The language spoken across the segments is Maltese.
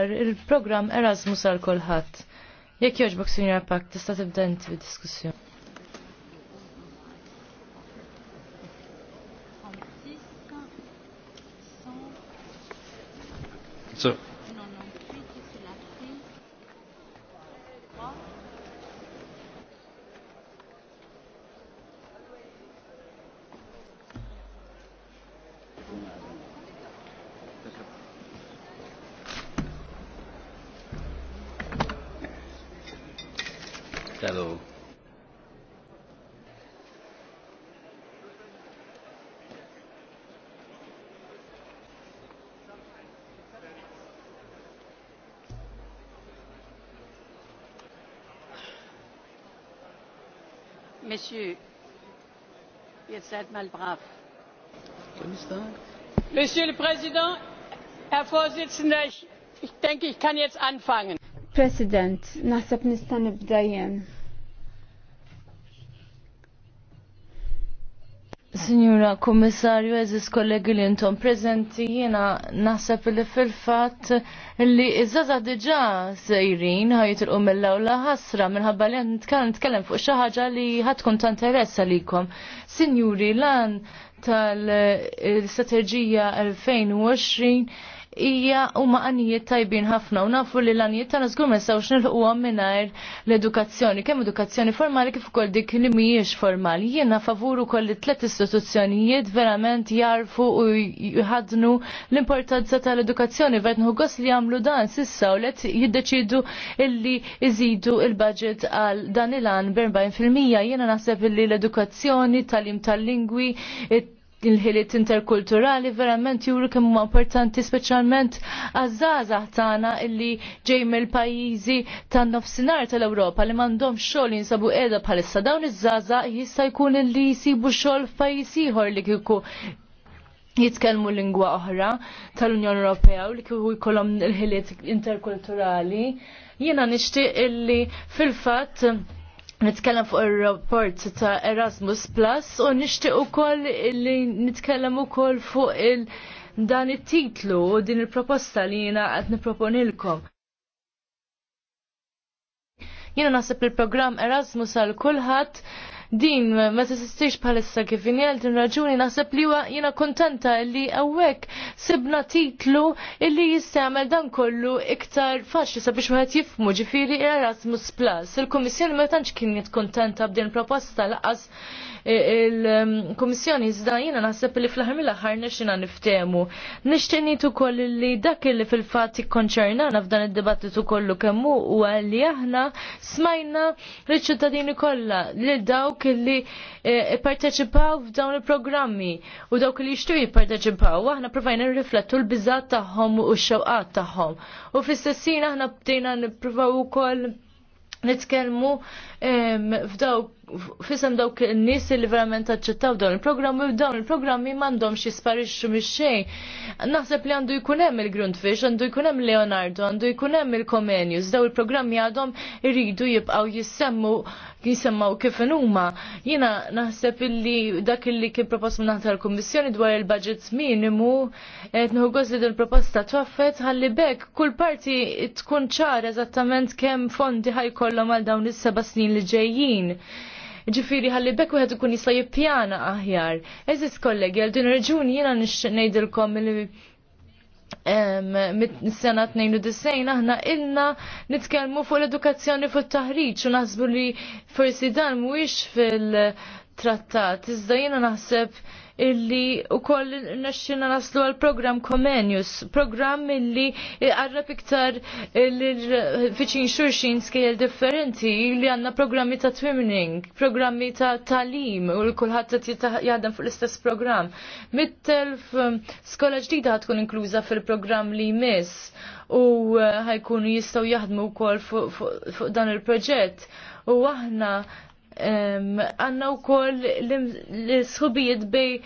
il-program Erasmus għal kolħat. Jek joġbok Sinjora Pak, tista' tibda inti bid-diskussjoni. So, Monsieur, jetzt seid mal brav. Monsieur le Président, Herr Vorsitzender, ich, ich denke, ich kann jetzt anfangen. President, nasab nistan nibda Signora Kommissarju, eżis kollegi li intom prezenti jena naħseb li fil-fat li iż-żaza diġa sejrin ħajitilqu mill-lawla ħasra minħabba li kellem fuq xi ħaġa li ħadkun ta' li kom. Sinjuri, lan tal strategija 2020 hija huma għanijiet tajbin ħafna u nafu li l-għanijiet ta' żgur ma xnil u mingħajr l-edukazzjoni, kemm edukazzjoni formali kif ukoll dik li mhijiex formali. Jiena favuru kol li tliet istituzzjonijiet verament jarfu u jħadnu l-importanza tal-edukazzjoni vet għos li jagħmlu dan sissa u let jiddeċidu illi iżidu il-budget għal dan il-għan mija Jiena naħseb illi l-edukazzjoni, tal-im tal-lingwi, il-ħiliet interkulturali verament juru kemm huma importanti speċjalment għaż-żgħażagħ tagħna illi ġej mill-pajjiżi tan-nofsinhar tal-Ewropa li m'għandhom xogħol jinsabu qiegħda bħalissa dawn iż-żgħażagħ jista' jkun illi jsibu xogħol f'pajjiż ieħor li kieku jitkellmu lingwa oħra tal-Unjoni Ewropea u li kieku jkollhom il-ħiliet interkulturali. Jiena nixtieq illi fil-fatt nitkellem fuq ir-rapport ta' Erasmus Plus u nixtieq ukoll li nitkellem ukoll fuq il dan it-titlu u din il-proposta li jiena qed nipproponilkom. Jiena naħseb il-programm Erasmus għal kulħadd din ma tistix bħalissa kif injel din raġuni naħseb li jina kontenta li għawek sibna titlu illi jistamel dan kollu iktar faċli sabiex wieħed jifmu ġifiri Erasmus Plus. Il-Komissjoni ma tantx kienet kontenta b'din proposta laqas e, il-Komissjoni iżda jina naħseb li fl-ħar mill-ħar nixina niftemu. Nixtieq ukoll li dak li fil-fatt ikkonċernana f'dan id-dibattitu kollu kemmu u li aħna smajna l-ċittadini kollha li dawk dawk li eh, parteċipaw f'dawn il-programmi u dawk li jixtu jipparteċipaw. Aħna provajna nriflettu l-biżat tagħhom u x-xewqat tagħhom. U fl-istessin aħna bdejna nippruvaw ukoll nitkellmu ehm, f'dawk fisem dawk n-nis li verament aċċettaw dawn il programm u dawn il-programmi mandom jisparixxu mix-xejn. Naħseb li għandu jkun hemm il-Grundfish, għandu jkun hemm Leonardo, għandu jkun hemm il-Comenius, daw il-programmi għadhom irridu jibqgħu jissemmu jisemmaw kif huma. Jiena naħseb illi dak illi kien propost minn naħta l-Kummissjoni dwar il-budget minimu qed nħu li din proposta twaffet ħalli bekk kull parti tkun ċara eżattament kemm fondi ħajkollhom għal dawn is-seba' snin li ġejjin. Ġifiri ħalli bekk wieħed ikun jista' jippjana aħjar. Eżis kollegi, għal din raġuni jena ngħidilkom li mis-sena 92 aħna ilna nitkellmu fuq l-edukazzjoni fuq it-taħriġ u naħsbu li forsi dan mhuwiex fil-trattat. Iżda jiena naħseb illi u koll naxxina naslu għal program Comenius, program illi għarrab iktar fiċin xurxin skejl differenti illi għanna programmi ta' twimning, programmi ta' talim u l-kullħat ta' jgħadan fuq l-istess program. Mittelf um, skola ġdida ħatkun inkluża fil-program li jmiss u uh, ħajkunu jistaw jaħdmu koll fuq dan il-proġett u aħna għanna u koll l-sħubijiet bej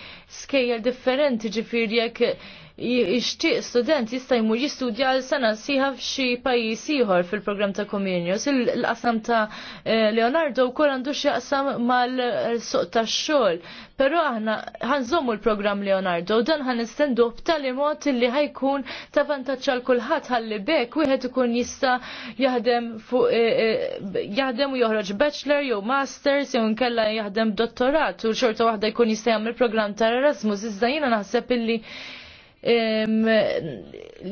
skejjel differenti ġifir jekk jixtieq student jista' jmur jistudja għal sena siħa f'xi pajjiż ieħor fil-programm ta' Comenius. Il-qasam ta' eh, Leonardo wkoll għandu x'jaqsam mal-suq tax-xogħol. Però aħna ħanżommu l-programm Leonardo u dan ħan nistendu b'tali mod li ħajkun ta' vantaġġ għal kulħadd ħalli bekk wieħed ikun jista' jaħdem fuq eh, eh, jaħdem u joħroġ bachelor jew masters jew nkella jaħdem dottorat u xorta waħda jkun jista' jagħmel programm ta' Erasmus iżda jiena naħseb illi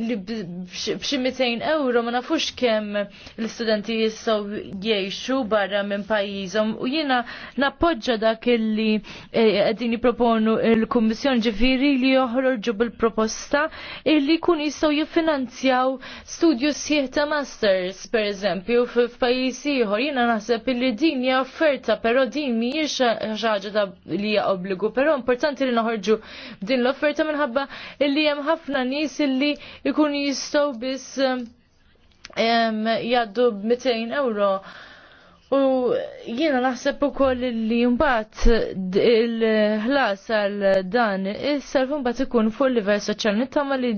li b'xi euro ma nafux kemm l-istudenti jistgħu jgħixu barra minn pajjiżhom u jiena nappoġġa dak illi qegħdin jipproponu l-Kummissjoni ġifieri li joħroġu bil-proposta illi jkun jistgħu jiffinanzjaw studju sieħ ta' masters pereżempju f'pajjiż ieħor. Jiena naħseb illi din hija offerta però din mhijiex xi ħaġa li hija obbligu, però importanti li noħorġu din l-offerta minħabba illi jem hemm ħafna nies illi jkunu jistgħu biss um, jgħaddu 200 euro. U jiena naħseb ukoll li mbagħad il-ħlas għal dan is mbagħad ikun fuq livell soċjali nittama li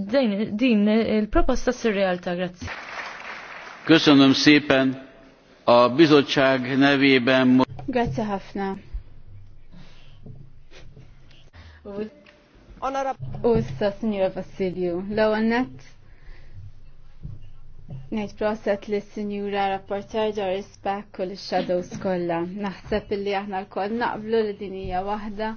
din il-proposta sir-realtà grazzi. Köszönöm szépen a bizottság nevében. Grazie ħafna. U Signora Vassilju, law għannet Nejt proset li s-sinjura rapporter Doris Beck u l-Shadows kolla. Naħseb li aħna l-koll naqblu li dinija wahda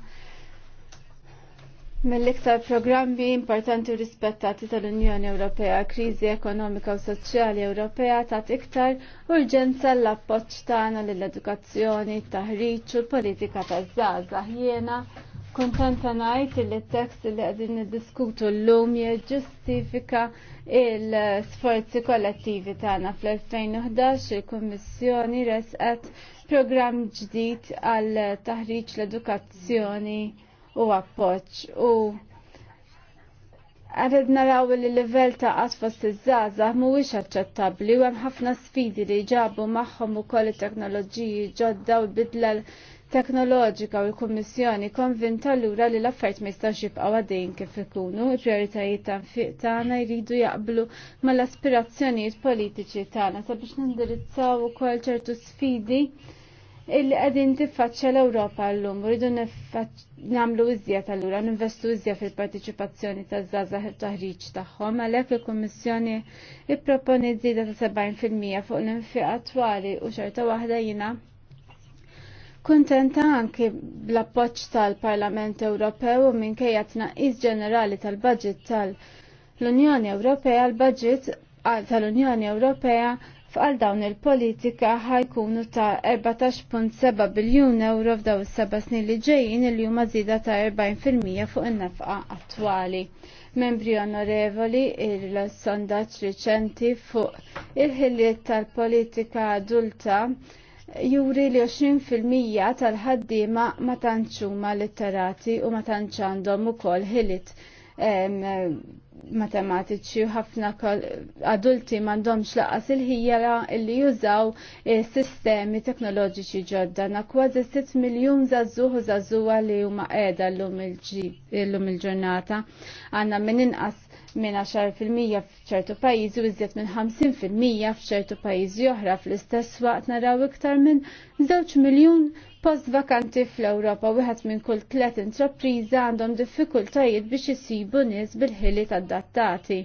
mill-iktar programmi importanti u rispettati tal-Unjoni Ewropea. Krizi ekonomika u soċjali Ewropea tat iktar urġenza l-appoċ tagħna lill-edukazzjoni, taħriġ u l-politika taż-żgħażagħ jiena kontenta ngħid li t-tekst li qegħdin l llum jiġġustifika l-sforzi kollettivi tagħna fl-2011 il-Kummissjoni resqet programm ġdid għal taħriġ l-edukazzjoni u appoġġ u Għarid naraw li level ta' qatfos iż-żaza mhuwiex aċċettabbli u hemm ħafna sfidi li jġabu magħhom ukoll it-teknoloġiji ġodda u bidla teknoloġika u l-Kummissjoni konvinta l-ura li l-affert ma jistax jibqaw għadin kif ikunu, prioritajiet ta' nfiq tagħna jridu jaqblu mal-aspirazzjonijiet politiċi tagħna sabiex nindirizzaw ukoll ċertu sfidi illi qegħdin tiffaċċja l-Ewropa llum rridu nagħmlu iżjed allura ninvestu iżjed fil-partiċipazzjoni taż-żgħażagħ taħriġ tagħhom għalhekk il-Kummissjoni ipproponi żieda ta' 70% fuq l-infiq attwali u xorta waħda jiena Kuntenta anki bl-appoġġ tal-Parlament Ewropew u minkejja tnaqqis ġenerali tal-budget tal-Unjoni Ewropea l-budget tal-Unjoni Ewropea f'għal dawn il-politika ħajkunu ta' 14.7 biljun euro f'daw is-seba' snin li ġejjin il huma zida ta' 40% fuq in-nefqa attwali membri onorevoli il-sondaċ riċenti fuq il-ħiliet tal-politika adulta juri li 20% tal-ħaddiema ma tantxuma litterati u ma tantx għandhom ukoll ħilit matematiċi u ħafna adulti m'għandhomx laqas il-ħijja li jużaw sistemi teknoloġiċi ġodda. Na kważi 6 miljun zazzuħ u zazzuwa li huma qiegħda l-lum il-ġurnata. Għandna minn inqas minn 10% f'ċertu pajjiżi u iżjed minn 50% f'ċertu pajjiżi oħra fl-istess waqt naraw iktar minn 2 miljun post vakanti fl-Ewropa wieħed minn kull tliet intrapriża għandhom diffikultajiet biex isibu nies bil-ħili tad-dattati.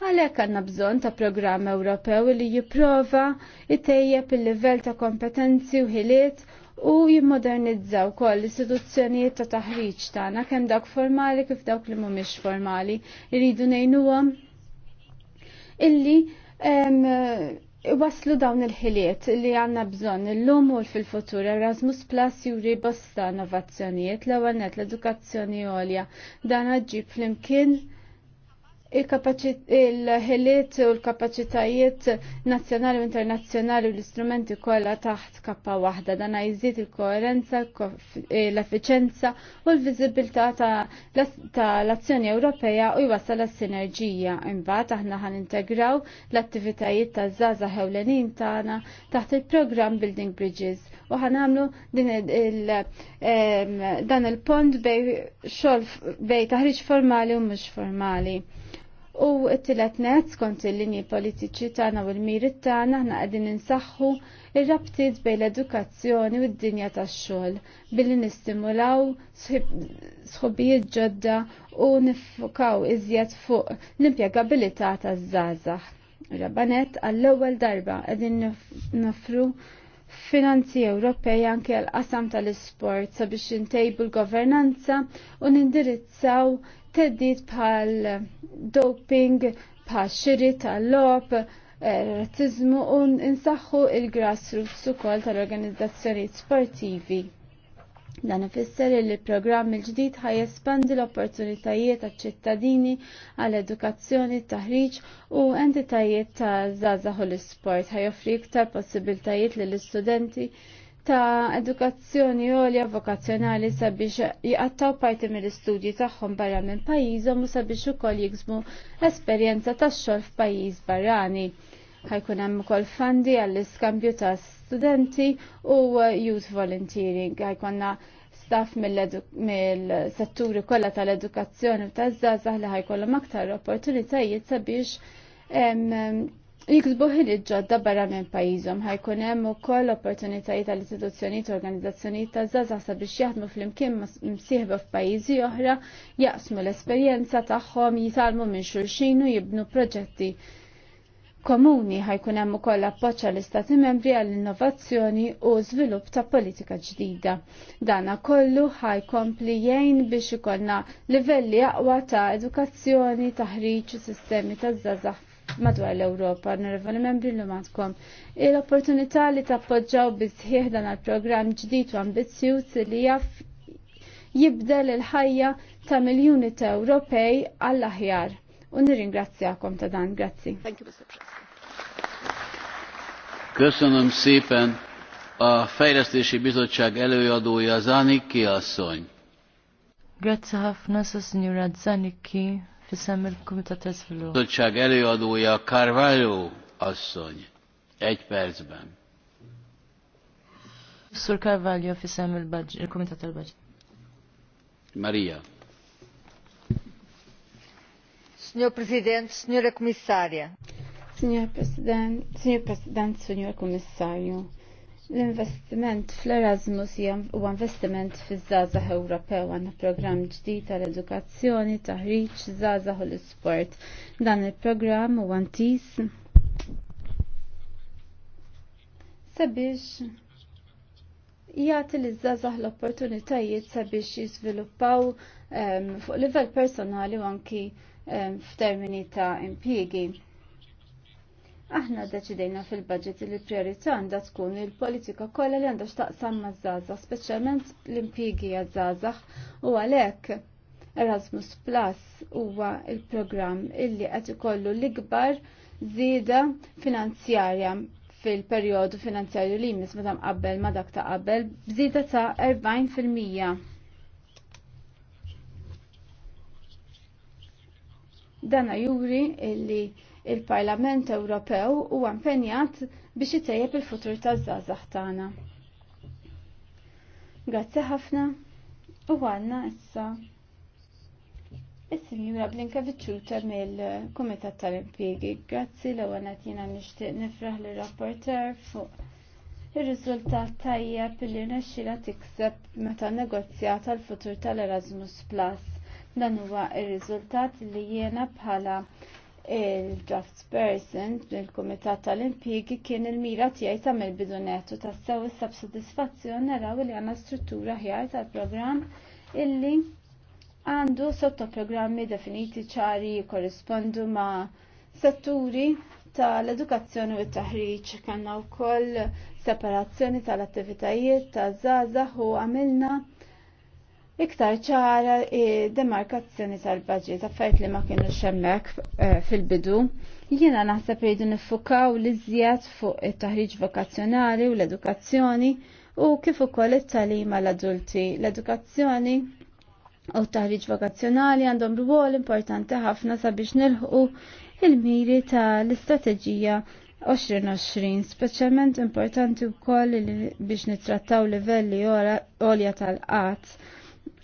Għalhekk għandna bżonn ta' programm Ewropew li jipprova jtejjeb il-livell ta' kompetenzi u ħiliet u jimmodernizzaw kol l-istituzzjonijiet ta' taħriġ tagħna kemm dawk formali kif dawk li mhumiex formali jridu ngħinuhom illi waslu dawn il-ħiliet li għanna bżonn illum u fil-futur Erasmus Plus juri bosta innovazzjonijiet l-ewwel l-edukazzjoni għolja dan ġib flimkien il-ħiliet u l-kapacitajiet nazzjonali u internazzjonali u l-istrumenti kollha taħt kappa waħda dan jżid il-koerenza, l efficienza u l-viżibilità tal-azzjoni Ewropea u jwassal s-sinerġija. Imbagħad aħna ħan integraw l-attivitajiet taż żaza ħewlenin tagħna taħt il-programm Building Bridges u ħan għamlu dan il-pont bej xolf bej taħriġ formali u mhux formali. U t-tilet net skont il-linji politiċi tagħna u l-miri tagħna aħna qegħdin insaħħu ir-rabtiet bejn l-edukazzjoni u d-dinja tax-xogħol billi nistimulaw sħubijiet ġodda u nifukaw iżjed fuq l-impjegabilità taż-żgħażagħ. Rabanet għall-ewwel darba qegħdin nofru finanzi Ewropej anke għall qasam tal-isport sabiex intejbu l-governanza u nindirizzaw teddit bħal doping, bħal xiri tal-lop, eh, razzizmu u insaħħu il-grassroots ukoll tal-organizzazzjoni sportivi. Dan ifisser li l-programm il-ġdid ħaj jespandi l-opportunitajiet għal ċittadini għal edukazzjoni, taħriġ u entitajiet ta' zazaħu l-sport ħaj joffri iktar possibiltajiet lill istudenti ta' edukazzjoni għolja vokazzjonali sabiex jgħattaw parti mill-istudji tagħhom barra minn pajjiżhom u sabiex ukoll jiksmu esperjenza ta' xogħol f'pajjiż barrani. Ħajkun hemm ukoll fandi għall-iskambju ta' studenti u youth volunteering. Ħajkonna staff mill-setturi kollha tal-edukazzjoni u taż-żgħażagħ li ħajkollhom aktar opportunitajiet sabiex jiksbu ħiliet ġodda barra minn pajjiżhom ħajkun hemm ukoll opportunitajiet tal istituzzjonijiet u organizzazzjonijiet ta' żgħażagħ sabiex jaħdmu flimkien msieħba f'pajjiżi oħra jaqsmu l-esperjenza tagħhom jitalmu minn xulxin u jibnu proġetti komuni ħajkun hemm ukoll appoġġ għall-Istati Membri għall-innovazzjoni u żvilupp ta' politika ġdida. Dana kollu ħajkompli jgħin biex ikollna livelli aqwa ta' edukazzjoni, taħriġ u sistemi ta' żgħażagħ madwar l-Ewropa, onorevoli membri li matkom. Il-opportunità li tappoġġaw bisħieħ dan għal program ġdid u ambizzjuż li jaff jibdel il-ħajja ta' miljoni ta' Ewropej għall-aħjar. U nirringrazzjakom ta' dan, grazzi. Köszönöm szépen a Fejlesztési Bizottság előadója Zanikki asszony. Grazie ħafna sa signora Zanikki fissem il-Kumitat Tazvilu. Bizottság előadója Carvalho asszony. Egy percben. Sur Carvalho fissem il-Kumitat tal-Budget. Maria. Signor Presidente, signora Commissaria. Signor Presidente, signor Presidente, signor Commissario. L-investiment fl-Erasmus huwa investiment fiż-żgħażagħ Ewropew għanna programm ġdid tal-edukazzjoni, taħriċ, zazah u l-isport. Dan il program u għantis. sabiex jagħti li żgħażagħ l-opportunitajiet sabiex jiżviluppaw ehm, fuq livell personali u anki ehm, f'termini ta' impjiegi Aħna deċidejna fil-budget li priorità għandha tkun il-politika kollha li għandha x'taqsam maż-żgħażagħ, speċjalment l-impjigi għaż-żgħażagħ u għalhekk Erasmus Plus huwa il-programm illi qed ikollu l-ikbar żieda finanzjarja fil-perjodu finanzjarju li jmiss meta mqabbel ma dak ta' qabel bżieda ta' 40%. Dana juri illi il-Parlament Ewropew huwa għampenjat biex itejjeb il-futur taż-żgħażagħ tagħna. Grazzi ħafna u għanna issa Is-Sinjura Blinkeviċuta mill-Kumitat tal impjiegi Grazzi l ewwel jiena nixtieq nifraħ lir rapporter fuq ir-riżultat tajjeb li rnexxilha tikseb meta negozjat l futur tal-Erasmus Plus. Dan huwa ir-riżultat li jiena bħala il-draft person mill-Kumitat tal kien il-mira tiegħi tagħmel mill-bidunetu tassew issa b'sodisfazzjon naraw li għandna struttura ħjar tal-programm illi għandu sottoprogrammi definiti ċari korrispondu ma' setturi tal-edukazzjoni u t-taħriġ kellna wkoll separazzjoni tal-attivitajiet ta' żgħażagħ u għamilna iktar ċara demarkazzjoni tal-budget, affarijiet li ma kienu xemmek eh, fil-bidu. Jiena naħseb rridu nifukaw li żjed fuq it-taħriġ vokazzjonali u l-edukazzjoni u kif ukoll it-talima l-adulti. L-edukazzjoni u t-taħriġ vokazzjonali għandhom rwol importanti ħafna sabiex nilħu il-miri tal-istrateġija 2020, speċjalment importanti wkoll biex nittrattaw livelli għolja tal-qatt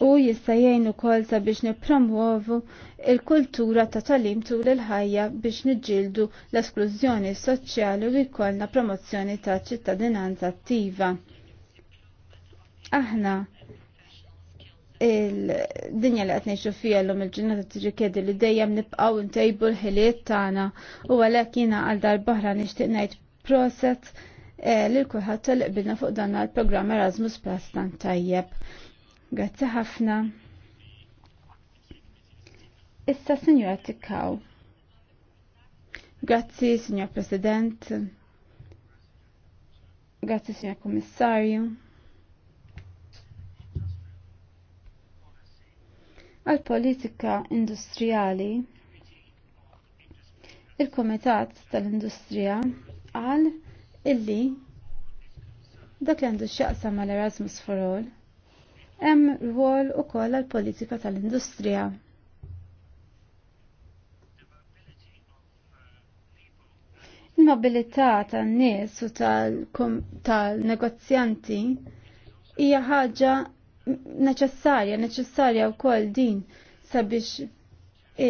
u jista' jgħin ukoll sabiex nipromuovu il-kultura ta' talim tul il-ħajja biex niġġieldu l-esklużjoni soċjali u jkollna promozzjoni ta' ċittadinanza attiva. Aħna il-dinja li qed ngħixu l-lum il-ġurnata kedi li dejjem nibqgħu ntejbu l-ħiliet tagħna u għalhekk jiena għal darb'oħra nixtieq ngħid proset eh, l kulħadd tal qbilna fuq dan l programm Erasmus Plus tan tajjeb. Grazzi ħafna. Issa Sinjora Tikkaw. Grazzi, Signor President. Grazzi, Signor Kommissarju. għal politika industrijali il-Komitat tal-Industrija għal illi dak li għandu xaqsa mal Erasmus for All hemm rwol ukoll għall politika tal-industrija. Il-mobilità tan-nies u tal-negozjanti hija ħaġa neċessarja, neċessarja wkoll din sabiex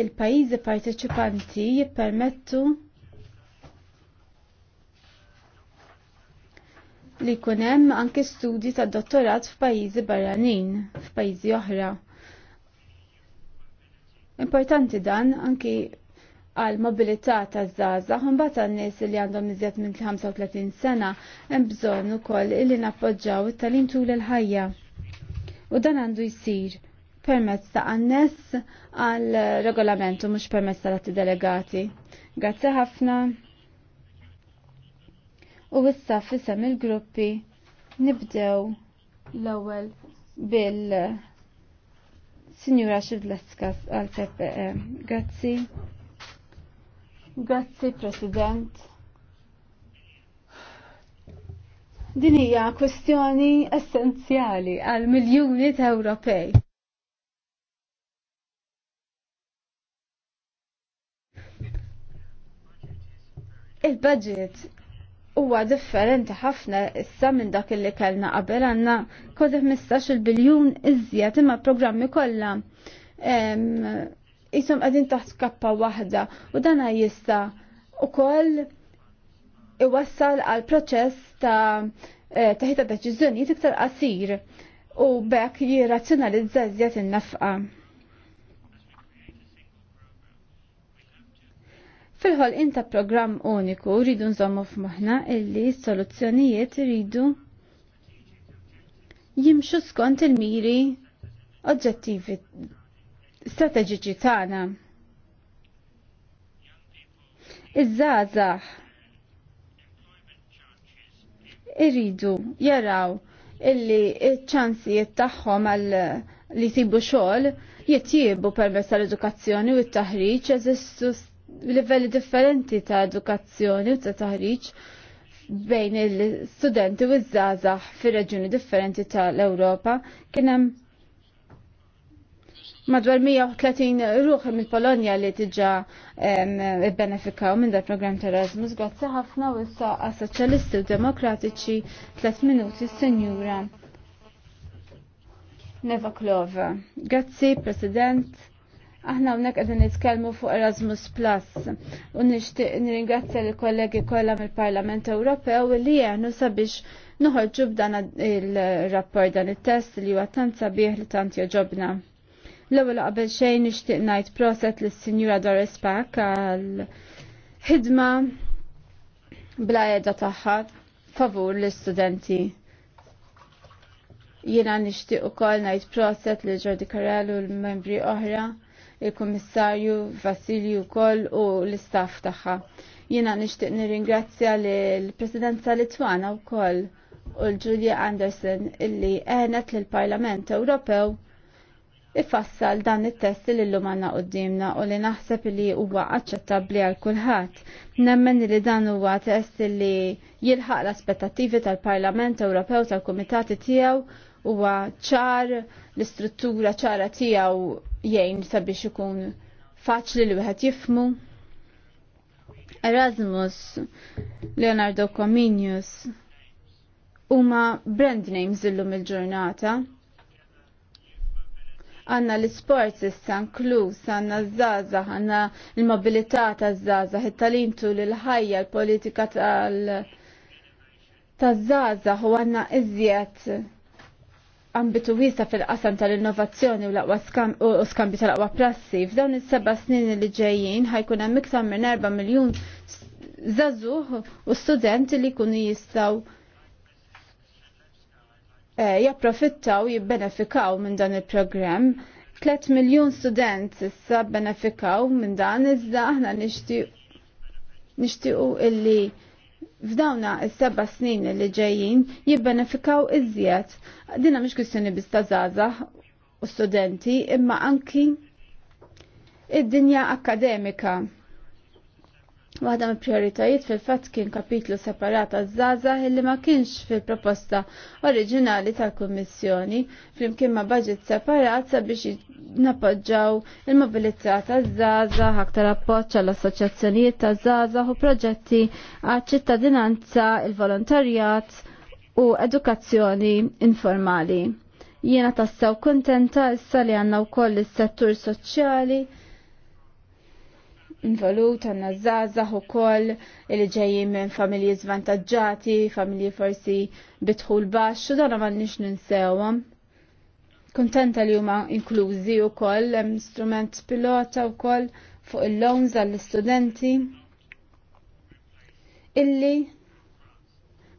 il-pajjiżi parteċipanti jippermettu li hemm anke studji ta' dottorat f'pajjiżi barranin, f'pajjiżi oħra. Importanti dan anki għal mobilità ta' żgħażagħ imbagħad għan-nies li għandhom iżjed minn 35 sena hemm bżonn ukoll illi nappoġġaw it-talim tul il-ħajja. U dan għandu jsir permezz ta' annes għal regolamentu mhux permezz tal-atti delegati. Grazzi ħafna. U issa fisem il-gruppi nibdew l-ewwel bil Signora Xidleskas għal PPE. Grazzi. Grazzi, President. Din hija kwestjoni essenzjali għal miljuni ta' Ewropej. Il-budget huwa differenti ħafna issa minn dak li kellna qabel għandna kważi 15 biljun iżjed imma programmi kollha jisom qegħdin taħt kappa waħda u dan jista' ukoll iwassal għal proċess ta' e, taħita deċiżjonijiet iktar qasir u bekk jirrazzjonalizza iżjed in-nafqa. Fil-ħol inta program uniku rridu nżommu f'moħna illi soluzzjonijiet rridu jimxu skont il-miri oġġettivi strateġiċi tagħna. Iż-żgħażagħ irridu jaraw illi ċ-ċansijiet tagħhom għal li jsibu xogħol jittiebu permezz tal-edukazzjoni u t-taħriġ eżistu livelli differenti ta' edukazzjoni u ta' taħriġ bejn il-studenti u iż-żgħażagħ fi reġjuni differenti tal-Ewropa kien hemm madwar 130 ruħ mill polonja li tiġa benefikaw minn dal programm ta' Erasmus. Grazzi ħafna u issa għas-Soċjalisti u Demokratiċi 3 minuti s-Senjura Neva Klova. Grazzi, President. Aħna hawnhekk qegħdin nitkellmu fuq Erasmus Plus u nixtieq nirringrazzja lill kollegi kollha mill-Parlament Ewropew li jenu sabiex noħorġu b'dan il-rapport dan it-test li huwa tant sabiħ li tant joġobna. L-ewwel qabel xejn nixtieq ngħid proset lis-Sinjura Doris Pack għal ħidma bla edha tagħha favur l-istudenti jiena nixtieq ukoll ngħid proset li Jordi Karel u l-membri oħra il-Kummissarju Vassilju Koll u l-istaff tagħha. Jiena nixtieq nirringrazzja l-Presidenza Litwana wkoll u l-Julia Anderson illi għenet l-Parlament Ewropew ifassal dan it-test li l-lum għanna u li naħseb li huwa aċċettabli għal kulħadd. Nemmen li dan huwa test li jilħaq l-aspettativi tal-Parlament Ewropew tal-Kumitati tiegħu huwa ċar l-istruttura ċara tiegħu jgħin sabiex ikun faċli li wieħed jifmu. Erasmus, Leonardo Cominius huma brand names illum il-ġurnata għanna l-sports issa nkluż, għanna z żaza għanna l-mobilità taż żaza it talintu l-ħajja, l-politika tal żaza u għanna iżjed ambitu wiesa fil-qasam tal-innovazzjoni u l u skambi tal-aqwa prassi. F'dawn is-seba' snin li ġejjin ħajkun hemm iktar minn 4 miljun zazuħ u studenti li jkunu jistgħu eh, japprofittaw jibbenefikaw minn dan il-programm. 3 miljun student issa benefikaw minn dan iżda aħna nixtiequ illi f'dawna s-seba snin li ġejjin jibbenefikaw iżjed. Dina mhix kwistjoni biss ta' żgħażagħ u studenti, imma anki id-dinja akademika. Waħda mill prioritajiet fil-fatt kien kapitlu separat għaż-żaża illi ma kienx fil-proposta oriġinali tal-Kummissjoni flimkien ma' budget separat sabiex nappoġġaw il-mobilità taż-żaża, aktar appoġġ għall assoċjazzjonijiet taż-żaża u proġetti għaċ-ċittadinanza, il-volontarjat u edukazzjoni informali. Jiena tassew kontenta issa li għandna wkoll is-settur soċjali involut għanna zazah u koll li ġejjin minn familji zvantagġati, familji forsi bitħul baxx, u dan ma nix ninsewam. Kontenta li huma inklużi u koll, strument pilota u koll fuq il-loans għall-studenti illi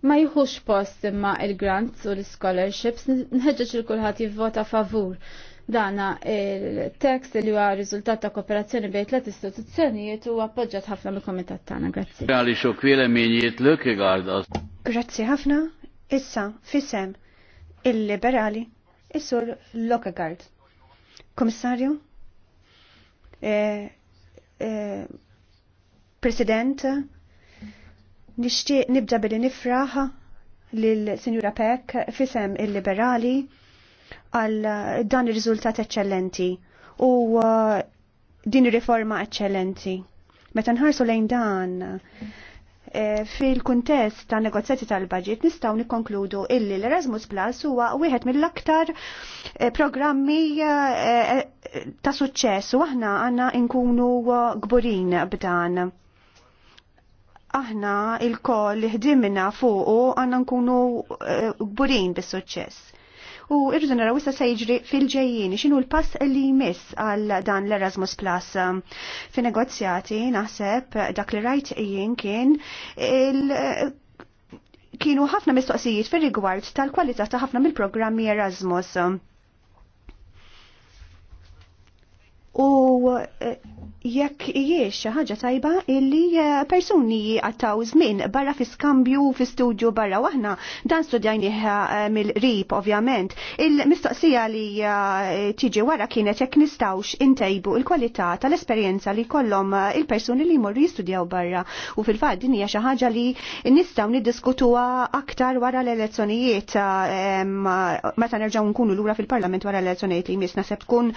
ma jħux post imma il-grants u l-scholarships, nħedġeċ il-kulħat jivvota favur Dana il-tekst li huwa riżultat ta' kooperazzjoni bejn tliet istituzzjonijiet u appoġġjat ħafna mill-Kumitat tagħna. Grazzi. Għali Grazzi ħafna. Issa fisem il-liberali is-sur Lokagard. Komissarju? Eh, eh, President, nishtiq nibda billi nifraħ lil Senjura Peck fisem il-liberali għal dan ir-riżultat eċċellenti u uh, din ir-riforma eċċellenti. Meta nħarsu lejn dan eh, fil-kuntest ta' negozjati tal-budget nistaw nikkonkludu illi l-Erasmus Plus huwa wieħed mill-aktar eh, programmi eh, ta' suċċess u aħna għandna nkunu gburin b'dan. Aħna il-koll ħdimna fuqu għandna nkunu gburin bis-suċċess u irridu naraw issa se fil-ġejjin x'inhu l-pass li jmiss għal dan l-Erasmus Plus. Fi negozjati naħseb dak li rajt jien kien il- kienu ħafna mistoqsijiet fir-rigward tal-kwalità ta' ħafna mill-programmi Erasmus. U eh, jekk jiex ħaġa tajba illi eh, persuni għattaw żmien barra fi skambju fi studju barra waħna dan studjajniħ eh, mill rip ovvjament. Il-mistoqsija li eh, tiġi wara kienet jekk nistawx intejbu il-kwalità tal-esperjenza li kollom il-persuni li jmorru jistudjaw barra u fil-fatt din hija xi ħaġa li nistgħu niddiskutuha aktar wara l-elezzjonijiet meta nerġgħu nkunu lura fil-Parlament wara l-elezzjonijiet li misna naħseb tkun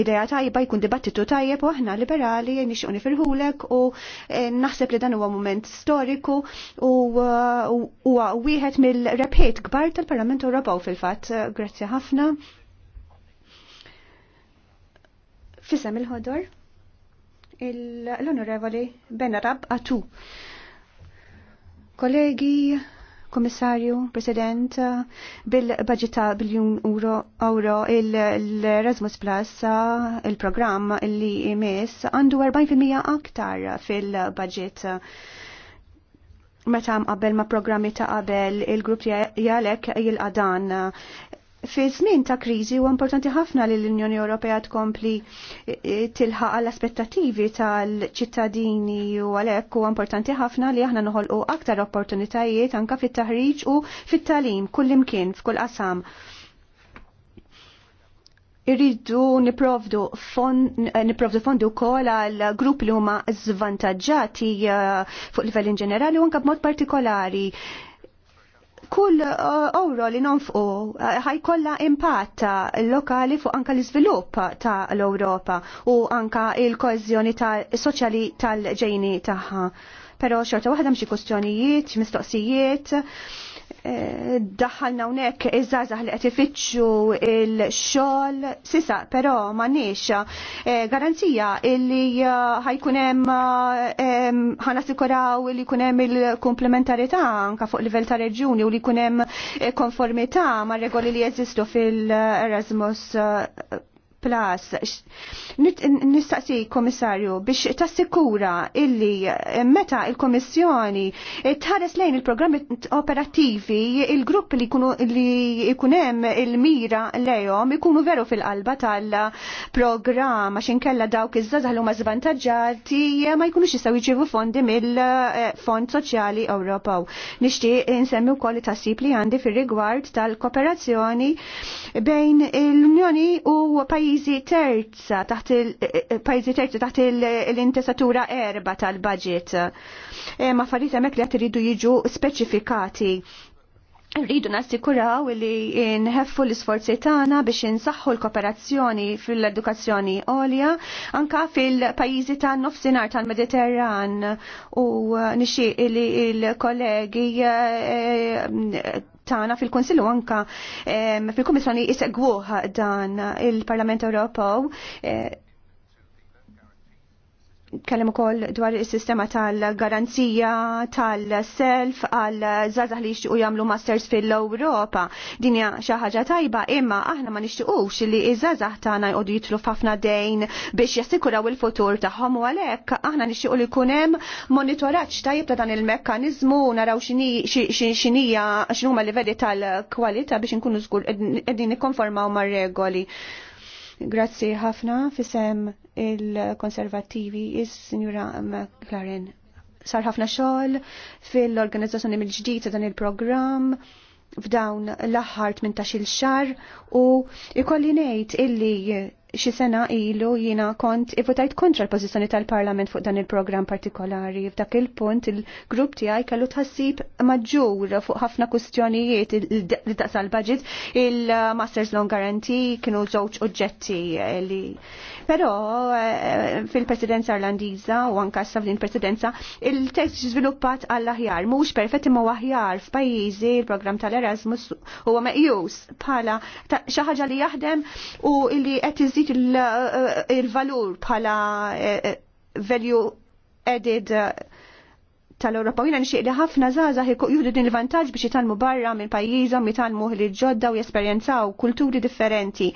idea tajba jkun dibattitu tajjeb aħna liberali nixqu nifirħulek u eh, naħseb li dan huwa moment storiku u huwa eh, wieħed mill-rebħiet kbar tal-Parlament Ewropew fil-fatt. Grazzi ħafna. Fisem il-ħodor l-Onorevoli Benarab Atu. Kollegi, Komissarju, President, bil-budgeta biljun euro il-Erasmus Plus, il-programm li jmiss, għandu 40% aktar fil-budget meta mqabbel ma' programmi ta' qabel il-grupp jgħalek jilqadan fi żmien ta' kriżi huwa importanti ħafna li l-Unjoni Ewropea tkompli eh, eh, tilħaq għall aspettattivi tal-ċittadini u għalhekk huwa importanti ħafna li aħna noħolqu aktar opportunitajiet anke fit-taħriġ u fit-talim kullimkien f'kull qasam. Irridu niprovdu fond niprovdu fondi wkoll għal grupp li huma żvantaġġati eh, fuq livell in ġenerali u anke b'mod partikolari kull euro eh, li nonfqu eh, ħajkolla impatt lokali fuq anka l-iżvilupp ta' l-Ewropa u anka il ta' soċjali tal-ġejni tagħha. Però xorta waħda mxi kustjonijiet, mistoqsijiet, Eh, daħalna unek iż-żazah li qed ifittxu il-xogħol sisa, però m'għandniex eh, garanzija illi eh, ħajkun hemm ħanassikuraw li jkun hemm il-komplementarità anke fuq livell ta' reġjuni u li jkun hemm konformità mar-regoli li jeżistu fil-Erasmus Plus. Nistaqsi komissarju biex tassikura illi eh, meta il-Komissjoni eh, tħares lejn il-programmi operativi il-grupp li kunu li ikunem il-mira lejhom ikunu veru fil-qalba tal-programm għaxin kella dawk iż-żazah huma żvantaġġati eh, ma jkunux jistgħu iġivu fondi mill-Fond Soċjali Ewropew. Nixtieq insemmi wkoll it-tassib li għandi fir-rigward tal-kooperazzjoni bejn l-Unjoni u pajjiż pajjiżi terza taħt il-pajjiżi eh, eh, eh, terza taħt l-intesatura erba tal-budget. Ma farid hemmhekk li qed iridu jiġu speċifikati rridu nassikuraw li nħeffu l-isforzi tagħna biex insaħħu l-kooperazzjoni fil-edukazzjoni għolja anka fil-pajjiżi ta' nofsinhar tal-Mediterran u uh, nixtieq li l-kollegi eh, tagħna fil kunsillu anka eh, fil-Kummissjoni isegwuh dan il-Parlament Ewropew eh, kellem ukoll dwar is-sistema tal-garanzija tal-self għal żgħażagħ li jixtiequ jagħmlu masters fil-Ewropa. Din hija xi ħaġa tajba, imma aħna ma nixtiequx li iż-żgħażagħ tagħna jqogħdu jitlu fafna dejn biex jassikuraw il-futur tagħhom u għalhekk aħna nixtiequ li jkun hemm monitoraġġ tajjeb ta' dan il-mekkaniżmu naraw x'inija li livelli tal-kwalità biex inkunu żgur qegħdin nikkonformaw mar-regoli. Grazzi ħafna fisem il-konservativi is signora McLaren. Sar ħafna xogħol fil-organizzazzjoni mill-ġdid ta' dan il-programm f'dawn l-aħħar 18-il xar u ikolli ngħid illi xi sena ilu jiena kont ivotajt kontra l-pożizzjoni tal-Parlament fuq dan il-programm partikolari. F'dak il-punt il-grupp tiegħi kellu tħassib maġġur fuq ħafna kwistjonijiet li daqsal budget il-Masters Long Guarantee kienu żewġ oġġetti li Però eh, fil-presidenza irlandiża u anka sa presidenza il test żviluppat għall aħjar mhux perfett imma aħjar f'pajjiżi il-programm tal-Erasmus huwa meqjus bħala xi ħaġa li jaħdem u li qed iżid eh, il-valur bħala eh, value added tal-Europa. Jina nxieq li ħafna zaza juhdu din il-vantaġġ biex jitalmu barra minn pajjiżhom, jitalmu li ġodda u jesperjenzaw kulturi differenti.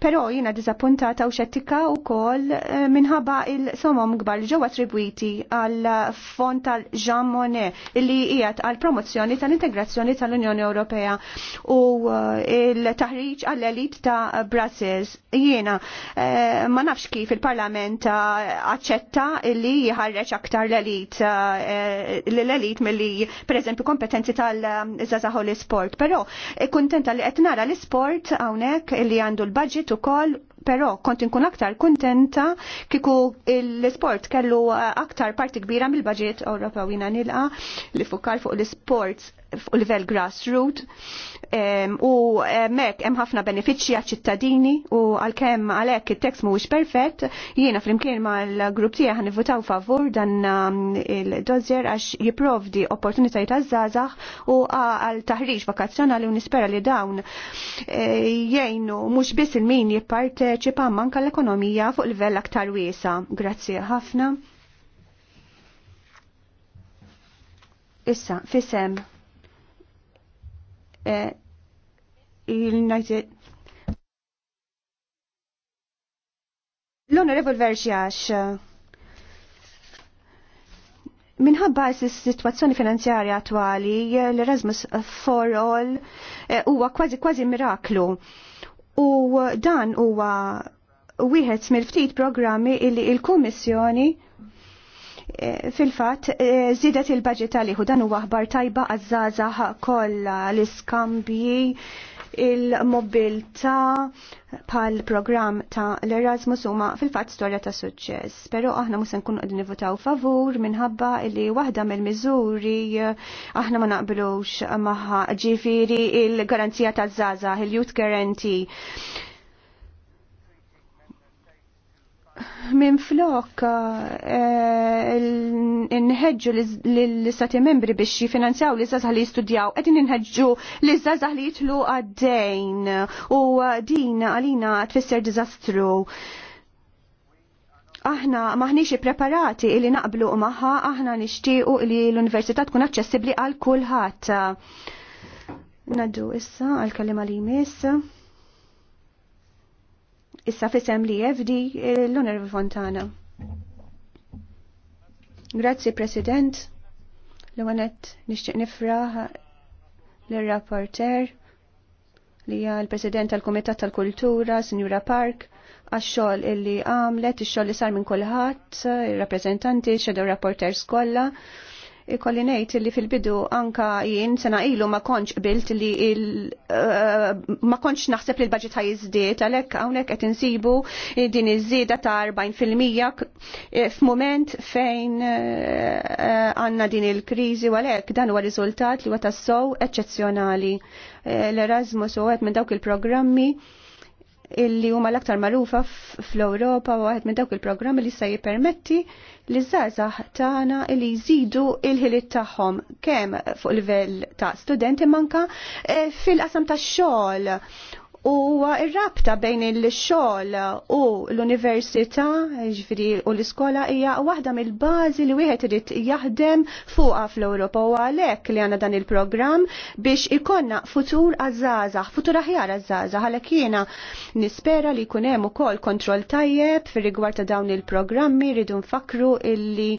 Però jina dizappuntata u xettika wkoll eh, minħabba il-somom gbar ġo attribwiti għal fond tal-Jean Monnet illi jgħat għal promozzjoni tal-integrazzjoni tal-Unjoni Ewropea u eh, il-taħriġ għall elit ta' Brussels. Jiena eh, ma nafx kif il-Parlament aċċetta illi jħarreċ aktar l-elit l-elit mill-li preżempju kompetenzi tal zazaħu l-sport. Pero e kuntenta li qed nara l-sport hawnhekk li għandu l-budget ukoll pero kont inkun aktar kontenta kiku l-sport kellu aktar parti kbira mill-budget Ewropew jina nilqa li fukar fuq l-sports fuq livell grassroot u mek hemm ħafna benefiċċji għaċ-ċittadini u għalkemm għalhekk it-tekst mhuwiex perfett, jiena flimkien mal-grupp tiegħi ħanivvutaw favur dan il dozzer għax jipprovdi opportunitajiet għaż-żgħażagħ u għal taħriġ vakazzjonali u nispera li dawn e, jgħinu mhux biss il-min jipparteċipa manka l-ekonomija fuq livell aktar wiesa. Grazzi ħafna. Issa, fisem Eh, il-United L-Onorevol Verxjax, minħabba s-situazzjoni finanzjarja attuali, l-Erasmus for All eh, huwa kważi kważi miraklu. U dan huwa wieħed mill-ftit programmi illi il-Kummissjoni il kummissjoni Eh, fil-fat, eh, zidet il-budget għalihu dan huwa għahbar tajba għazzazaħ kollha l-iskambji il-mobilta pal program ta' l-Erasmus huma fil-fatt storja ta' suċċess. Però aħna musen se nkunu votaw favur minħabba li waħda mill-miżuri eh, aħna ma naqblux magħha ġifiri il-garanzija taż zaza, il-Youth Guarantee Min flok eh, inħedġu l-istati membri biex jifinanzjaw l-izzazah li jistudjaw, għedin inħedġu l-izzazah li jitlu għaddejn u din għalina tfisser dizastru. Aħna maħniċi preparati li naqblu maħħa, aħna nishtiqu li l-università tkun aċċessibli għal kulħadd. Naddu issa għal kalima li jmiss. Issa fissem li jevdi eh, l-Onorevoli Fontana. Grazzi President, l-għanet nishtiq nifraħ l-rapporter li hija l-President tal-Kumitat tal-Kultura, Sinjura Park, għax-xogħol illi għamlet, ix-xogħol li sar minn kulħadd, ir-rappreżentanti, shadow rapporters skolla ikolli ngħid li fil-bidu anka jien sena ilu ma kontx bilt li il, uh, ma kontx naħseb li l-budget ħajżdied għalhekk hawnhekk qed insibu din iż-żieda ta' 40% eh, f'mument fejn eh, għandna uh, din il-kriżi għalhekk dan huwa riżultat li huwa tassew eċċezzjonali. L-Erasmus u għet minn dawk il-programmi illi huma l-aktar magħrufa fl-Ewropa u waħed minn dawk il-programmi li se jippermetti li żgħażagħ tagħna li jżidu l ħiliet tagħhom kemm fuq livell ta' studenti manka eh, fil-qasam tax-xogħol huwa il rabta bejn il-xogħol u l-università, ġifiri u l-iskola hija waħda mill-bażi li wieħed irid jaħdem fuqha fl-Ewropa u għalhekk li għandha dan il-programm biex ikonna futur għaż futur aħjar għaż-żgħażagħ għalhekk jiena nispera li jkun hemm ukoll kontroll tajjeb fir-rigward ta' dawn il-programmi rridu nfakru illi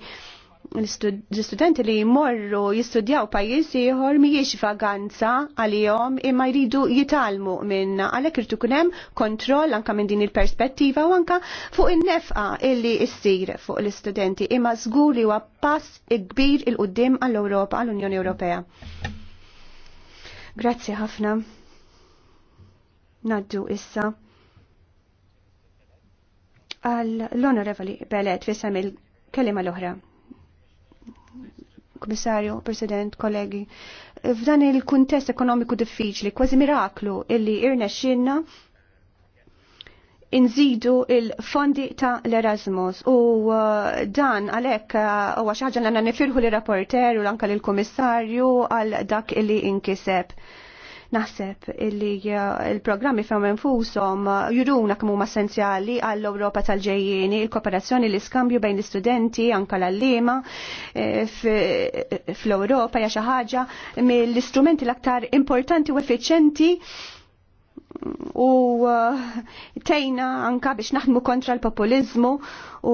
l-istudenti li jmorru jistudjaw pajjiż ieħor mhijiex vaganza għalihom imma jridu jitalmu minn għalhekk irid ikun hemm kontroll anke minn din il-perspettiva u anke fuq in-nefqa illi ssir fuq l-istudenti imma żgur li huwa pass kbir il qudiem għall-Ewropa għall-Unjoni Ewropea. Grazzi ħafna. Naddu issa għall-Onorevoli Belet fisem il-kelima l-oħra. Komissarju, President, kollegi, f'dan il-kuntest ekonomiku diffiċli, kważi miraklu illi irna xinna inżidu il-fondi ta' l-Erasmus u uh, dan għalek u uh, għaxħaġan l-għanna nifirħu l-rapporter u l-anka l-komissarju għal dak illi inkiseb. Naħseb illi eh, il-programmi fem infusom eh, juruna kemm huma essenzjali għall-Ewropa tal ġejjini il-kooperazzjoni l-iskambju bejn l-istudenti anke l-allima eh, fl-Ewropa hija xi ħaġa mill-istrumenti l-aktar importanti u effiċenti u tejna anka biex naħdmu kontra l-populizmu u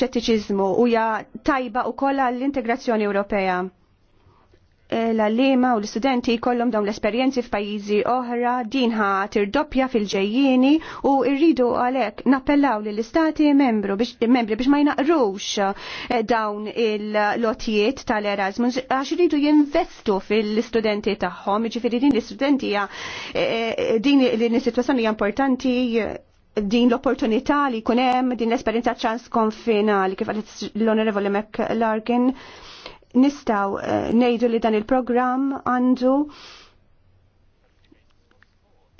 xettiċizmu u ja tajba u kolla l-integrazzjoni Ewropea l-allima u l-studenti kollum dawn l-esperienzi f'pajjiżi oħra din ħa tirdoppja fil ġejjini u rridu għalhekk nappellaw lill istati membru biex membri biex ma jnaqrux eh, dawn il-lotijiet tal-Erasmus għax irridu jinvestu fil-studenti tagħhom, jiġifieri din l-istudenti eh, eh, din l-situazzjoni importanti din l-opportunità li kunem din l-esperienza transkonfinali kif għalet l-Onorevoli McLarkin. Larkin nistaw eh, nejdu li dan il-program għandu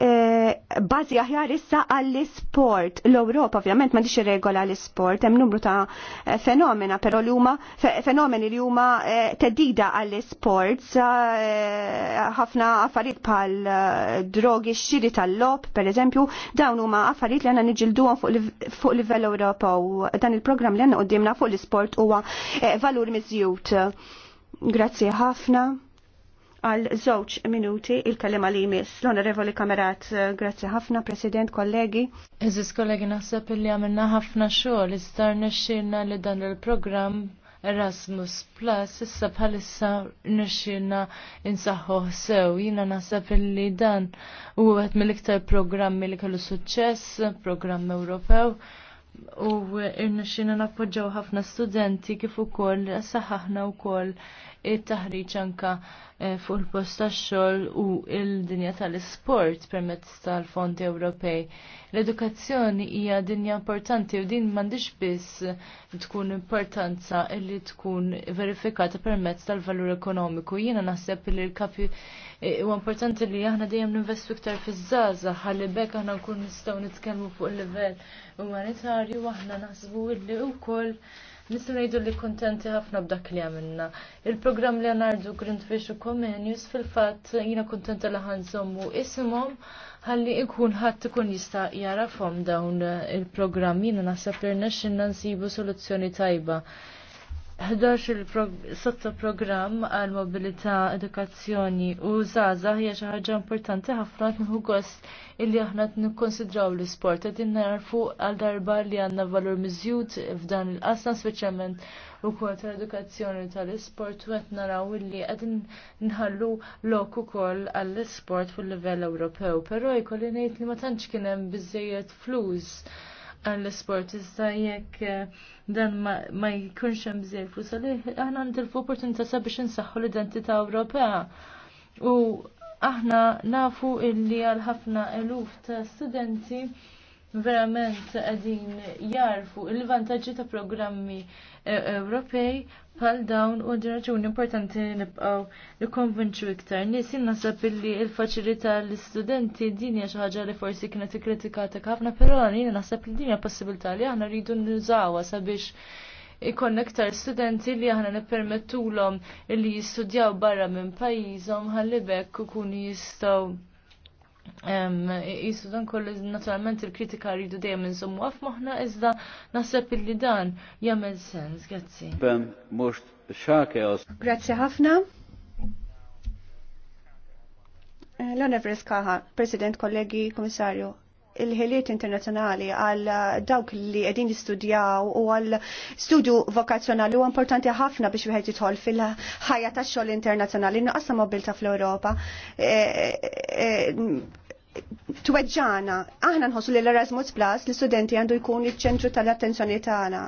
Eh, bazi aħjar issa għall-sport. L-Europa ovvjament ma diċi regola għall-sport, hemm numru ta' eh, fenomena, però li huma fenomeni li huma eh, teddida għall sport ħafna affarijiet bħal drogi xiri tal-lob, per eżempju, dawn huma affarijiet li għandna niġilduhom fuq livell Ewropa u dan il-programm li għandna qudiemna fuq l-sport huwa valur miżjut. Grazzi ħafna għal żewġ minuti il-kellem għal jmiss. L-Onorevoli Kamerat, eh, grazzi ħafna, President, kollegi. Eżis kollegi, naħseb li għamilna ħafna xogħol, iżdar nexxilna li dan il-programm Erasmus Plus, issa bħalissa nexxilna insaħħu sew. Jina naħseb li dan u għet mill-iktar programmi li kellu suċċess, programm Ewropew u irnexxina nappoġġaw ħafna studenti kif ukoll saħaħna wkoll it-taħriġ anka eh, fuq il-post tax-xogħol u l-dinja tal-isport permezz tal-fondi Ewropej. L-edukazzjoni hija dinja importanti u din m'għandix biss tkun importanza li tkun verifikata permezz tal-valur ekonomiku. Jiena naħseb li l-kapi eh, u importanti li aħna dejjem ninvestu iktar fiż-żaża ħalli bekk aħna nkun nistgħu nitkellmu fuq il-livell umanitarju aħna naħsbu li wkoll Nisim ngħidu li kuntenti ħafna b'dak li għamilna. Il-programm Leonardo Grindfish u Comenius fil-fatt jiena kuntenta li ħanżommu isimhom ħalli ikun ħadd ikun jista' jarafhom dawn il-programm Jina naħseb li rnexxinna nsibu soluzzjoni tajba. 11 il-sotta program għal mobilità edukazzjoni u zaza hija xi ħaġa importanti ħafna nħu gost illi aħna nikkonsidraw l-isport qed narfu għal darba li għandna valur miżjud f'dan il-qasam speċjalment ukoll tal-edukazzjoni tal-isport u qed naraw illi qed nħallu lok ukoll għall-isport fil-livell Ewropew. Però jkolli ngħid li ma tantx kien hemm biżejjed flus għall-sport. Iżda jekk eh, dan ma jkunx hemm bżejjed flus għalih, aħna nitilfu opportunità sabiex insaħħu l-identità Ewropea. U aħna nafu illi għal ħafna eluf ta' studenti verament għadin jarfu il-vantagġi ta' programmi eh, Ewropej bħal dawn u raġuni importanti li nibqaw nikonvinċu iktar. Nisin nasab billi il-faċilità l-istudenti din hija xi ħaġa li forsi kienet ikkritikata ħafna, però jien nasab li din hija possibilità li aħna rridu n-nużawa sabiex ikon iktar studenti li aħna nippermettulhom li jistudjaw barra minn pajjiżhom u ikunu jistgħu Jisu dan kollu naturalment il-kritika rridu dejjem insommu għaf moħna iżda naħseb illi dan jagħmel sens, grazzi. Bem, mhux xakels. Grazzi ħafna. Eh, L-Onevres Kaha, President, kollegi, Komissarju, il-ħiliet internazzjonali għal dawk li qegħdin jistudjaw u għal studju vokazzjonali huwa importanti ħafna biex wieħed jidħol fil-ħajja tax-xogħol internazzjonali nuqqas mobilta fl-Ewropa. E, e, e, tweġġana, aħna nħossu li l-Erasmus Plus l-studenti għandu jkun iċ-ċentru tal-attenzjoni tagħna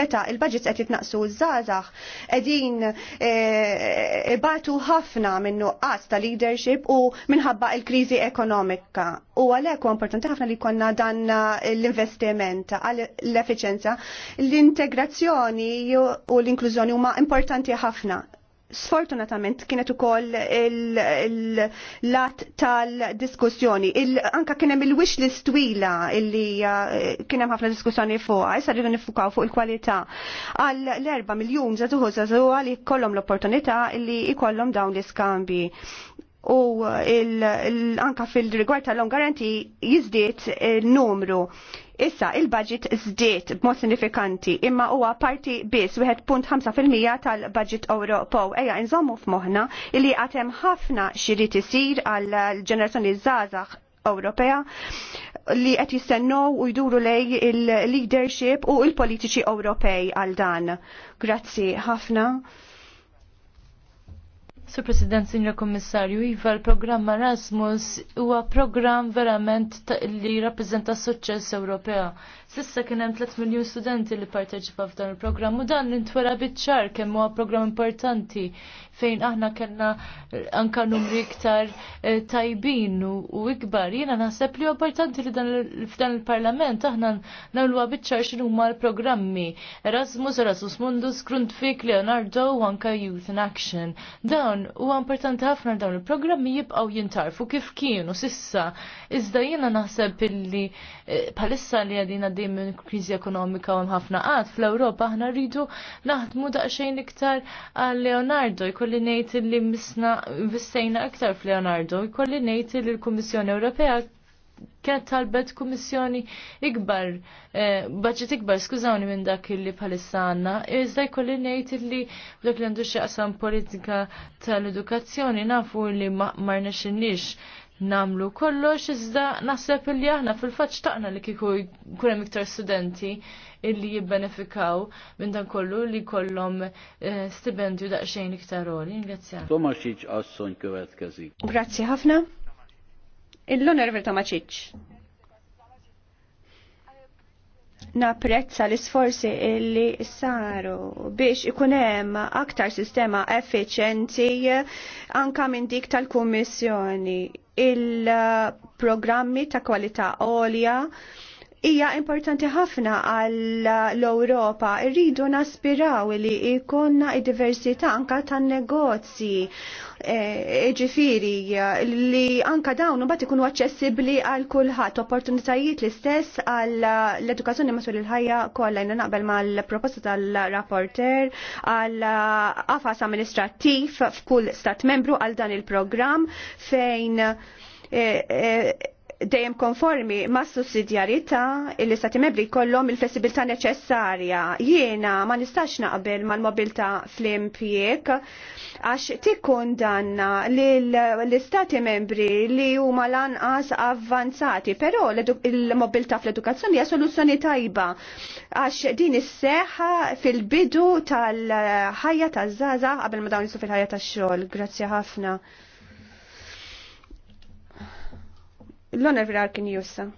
meta il-budgets qed jitnaqsu żgħażagħ qegħdin eh, ibatu ħafna minn nuqqas ta' leadership u minħabba il-kriżi ekonomika. U għalhekk importanti ħafna li konna dan eh, l-investiment l-efficienza, l-integrazzjoni u l-inklużjoni huma importanti ħafna sfortunatament kienet ukoll il-lat tal-diskussjoni. Anka kienem il-wish list twila illi eh, kienem ħafna diskussjoni fuqa, issa rridu nifukaw fuq il-kwalità. Għal l-erba miljon zazuħu zazuħu għal kollom l-opportunità illi ikollom dawn l-iskambi u anka fil-rigward tal-longaranti jizdiet il-numru. Eh, Issa il-budget zdiet b'mod sinifikanti imma huwa parti biss 1.5% tal-budget Ewropew. Ejja nżommu f'moħħna li qatem ħafna xirid isir għal ġenerazzjoni żgħażagħ Ewropea li qed jistennew u jduru lej il-leadership u l-politiċi Ewropej għal dan. Grazzi ħafna. Sur President, Sinjor Kommissarju, Iva, l-programm Erasmus huwa programm verament li rappresenta suċċess Ewropea. Sissa kien hemm 3 miljun studenti li parteċipaw f'dan il-programm u dan intwera biċ-ċar kemm huwa programm importanti fejn aħna kellna anka numri iktar eh, tajbin u ikbar. Jiena naħseb li importanti li f'dan il-Parlament aħna nagħmluha biċ-ċar x'inhu huma l-programmi Erasmus, Erasmus Mundus, Grundfik, Leonardo u anka Youth in Action. Dawn huwa importanti ħafna dawn il-programmi jibqgħu jintarfu kif kienu sissa. Iżda jiena naħseb illi eh, bħalissa li għadina għaddejjin minn kriżi ekonomika u ħafna qatt fl-Ewropa aħna rridu naħdmu daqsxejn iktar għal Leonardo. Jkolli ngħid li misna investejna iktar f'Leonardo. Jkolli ngħid li l-Kummissjoni Ewropea kienet talbet kummissjoni ikbar, eh, budget ikbar, skużawni minn dak li palissa għanna, iżda jkolli nejt li dak li għandu xieqsam politika tal-edukazzjoni nafu li ma marna xinix namlu kollox iżda naħseb li aħna fil-fatt taqna li kiku jkun hemm iktar studenti illi jibbenefikaw minn dan kollu li kollom eh, stipendju daqsxejn iktar roli. Ingrazzjak. Tomaċiċ għasson kivet kazi. Grazzi ħafna. Il-Lonervil Tomaxiċ. Napprezza l-isforzi illi saru biex ikunem aktar sistema effiċenti anka minn dik tal-Kummissjoni il-programmi ta' kwalità għolja hija importanti ħafna għall l-Ewropa. Irridu naspiraw li ikonna id-diversità anka tan negozji e, ġifiri li anka dawn mbagħad ikunu aċċessibbli għal kulħadd opportunitajiet l-istess għall l-edukazzjoni matul il-ħajja kollha jiena naqbel mal-proposta tal-rapporter għal għafas amministrattiv f'kull stat membru għal dan il-programm fejn e, e, dejjem konformi ma' sussidjarità li stati membri kollhom il-flessibilità neċessarja. Jiena ma nistax naqbel mal-mobilità fl-impjek għax tikkun danna l-istati membri li huma lanqas avvanzati, però il-mobilità fl-edukazzjoni hija soluzzjoni tajba għax din is-seħħa fil-bidu tal-ħajja taż-żaża qabel ma dawn fil-ħajja tax-xogħol. Grazzi ħafna. l-oner virar kien jussa.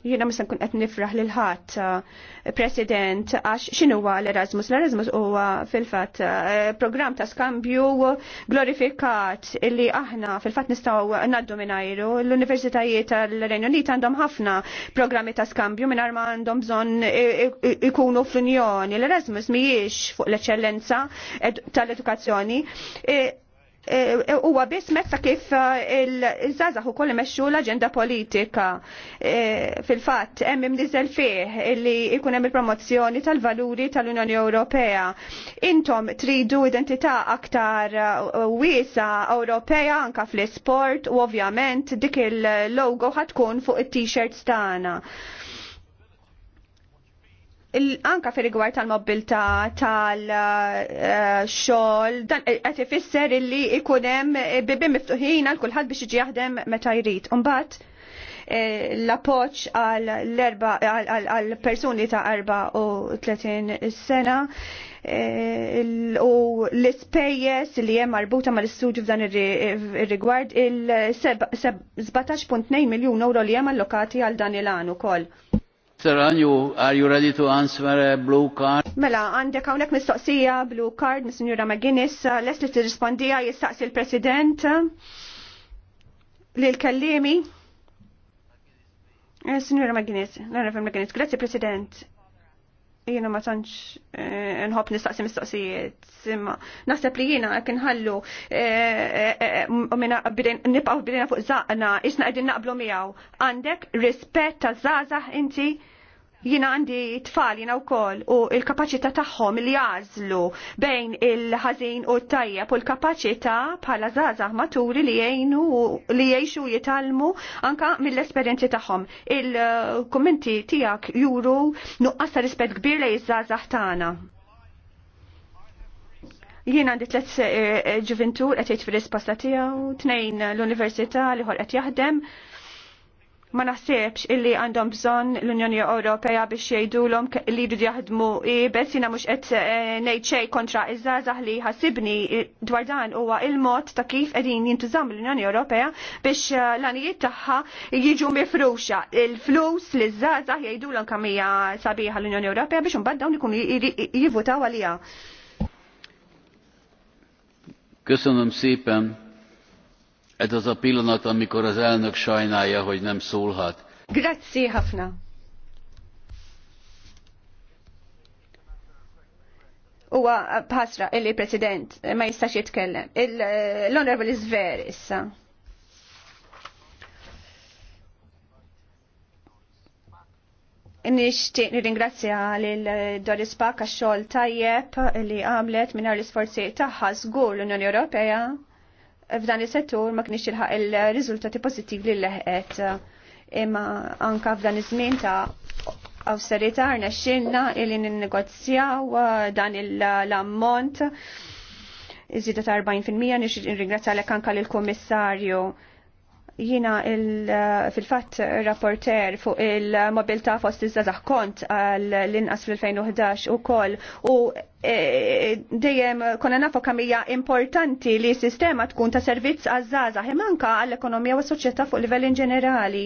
Jiena misan kun qed nifraħ lil ħadd eh, President għax xinu għu l-Erasmus. L-Erasmus huwa fil-fatt eh, programm ta' skambju glorifikat illi aħna fil-fatt nistgħu naddu mingħajru. L-Universitajiet tal-Renju Unit għandhom ħafna programmi ta' skambju mingħajr ma għandhom bżonn ikunu fl-Unjoni. L-Erasmus miex fuq l eccellenza tal-edukazzjoni eh, Eh, eh, huwa biss meta kif eh, il-żazah ukoll imexxu l-aġenda politika fil-fatt hemm imniżel fih li jkun hemm il-promozzjoni tal-valuri tal-Unjoni Ewropea. Intom tridu identità aktar wiesa Ewropea anka fl-isport u ovvjament dik il-logo ħatkun fuq it-t-shirts tagħna anka fi rigward tal-mobilta tal-xol, uh, uh, dan qed ifisser illi ikun hemm bibi miftuħin għal kulħadd biex jiġi jaħdem meta jrid. Imbagħad eh, l-appoġġ għal persuni ta' 34 sena eh, u l-ispejjeż li hemm marbuta mal-istudju f'dan ir-rigward il-17.2 miljun euro li hemm allokati għal dan il-għan ukoll Sir, you, are you ready to answer a blue card? Mela, għandek hawnhekk mistoqsija blue card mis Sinjura McGuinness, les li tirrispondija jistaqsi l-President lil kellimi. Eh, Sinjura McGuinness, l-Honorable McGuinness, grazzi President. Jiena ma tantx eh, nħobb nistaqsi mistoqsijiet. Simma, naħseb li jiena jekk inħallu eh, nibqgħu bidejna fuq zaqna, isna qegħdin naqblu miegħu. Għandek rispett taż inti jina għandi tfal jina u kol u il-kapacita taħħom li jazlu bejn il-ħazin u t-tajja u l-kapacita bħala zazah maturi li jgħinu li jgħixu jitalmu anka mill-esperienzi taħħom. Il-kommenti tijak juru nuqqasa rispet kbir li jizzazah tana. Jien għandi tlet eh, eh, ġuventur qed jgħid fir-risposta tiegħu, tnejn l-università li ħolqet jaħdem, ma naħsibx illi għandhom bżon l-Unjoni Ewropea biex jgħidulhom li jridu jaħdmu ibes jiena mhux qed eh, ngħid xejn kontra iż żaħ li ħasibni dwar dan huwa il-mod ta' kif qegħdin jintużamm l-Unjoni Ewropea biex eh, l għanijiet tagħha jiġu mifruxa. Il-flus li żgħażagħ jgħidulhom kemm hija sabiħa l-Unjoni Ewropea biex imbagħad dawn ikunu jivvutaw għaliha. Köszönöm Ez az a pillanat, amikor az elnök sajnálja, hogy nem szólhat. Grazie, Hafna. Uwa, pasra, illi president ma jistax jitkellem. L-Honorable Zver issa. Nishtiq nirringrazzja l Doris Paka xol tajjeb li għamlet minna l-isforzi tagħha żgur l-Unjoni Ewropea f'dan is-settur ma kniex ilħaq il-riżultati pozittiv li leħqet imma anka f'dan iż-żmien ta' awsterità rnexxinna illi ninnegozjaw uh, dan l-ammont iżida ta' 40% nix ringrazzjalek anka lill-Kummissarju Jina eh, fil-fat rapporter fuq il-mobilta fost iż-żazax kont l-inqas fil-2011 u koll u eh, dejjem konna nafu kamija importanti li sistema tkun ta' servizz għaż-żazax imanka għall-ekonomija u s-soċjetà fuq livell in ġenerali.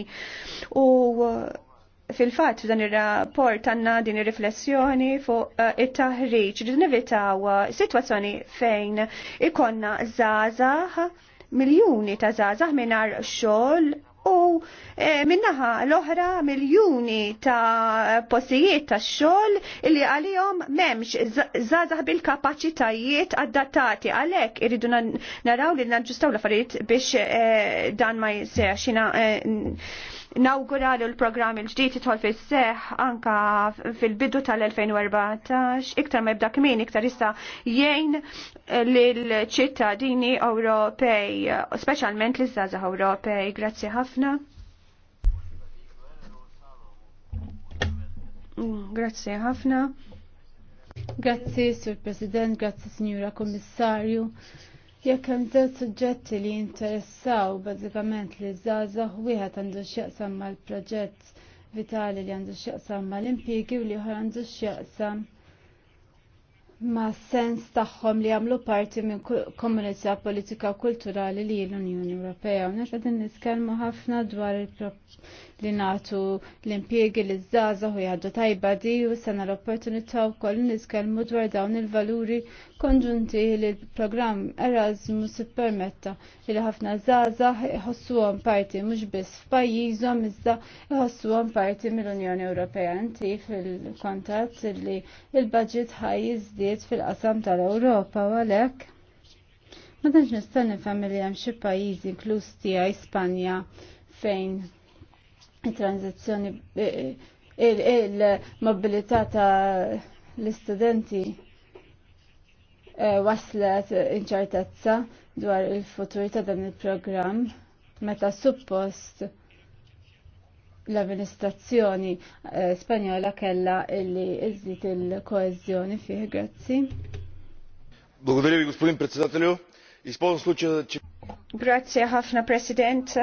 U eh, fil-fat f'dan ir-rapport għandna din ir-riflessjoni fuq it-taħriġ, nivitaw uh, situazzjoni fejn ikonna żgħażagħ miljuni ta' zazah minar xol u e, minnaħa l-oħra miljuni ta' postijiet ta' xol li għalihom memx zazah bil-kapacitajiet adattati għalek irridu naraw li naġġustaw l-affarijiet biex e, dan ma jisirx nawguralu l-programm il-ġdijt jitħol fis seħ anka fil-bidu tal-2014 iktar ma jibda kmin iktar issa jgħin lil ċittadini Ewropej, specialment l-izzazah Ewropej. Grazzi ħafna. Grazzi ħafna. Grazzi, Sur President, grazzi, Signora Kommissarju. Jekk hemm żewġ suġġetti li jinteressaw bażikament li żgħażagħ wieħed għandu x'jaqsam mal-proġett vitali li għandu x'jaqsam mal-impjiegi u li oħra għandu x'jaqsam ma' sens tagħhom li għamlu parti minn komunità politika kulturali li l-Unjoni Ewropea. U din niskelmu ħafna dwar li natu l-impiegi li zzaza u jħaddu tajba di u sena l-opportunità u koll niskelmu dwar dawn il-valuri konġunti li l-program Erasmus permetta li ħafna zzaza jħossu parti mux biss f'pajjiżhom iżda jħossu parti mill-Unjoni Ewropea. Inti fil-kontat li il-budget ħaj jiżdied fil-qasam tal-Ewropa u għalhekk. Ma tantx nista' nifhem li hemm xi pajjiżi inkluż tiegħi Spanja fejn il transizjoni il-mobilità ta' l-istudenti eh, waslet inċertezza dwar il-futur ta' dan il-programm meta suppost l-amministrazzjoni eh, spanjola kella illi iżdit il-koezjoni fih, grazzi. Grazie, ħafna, President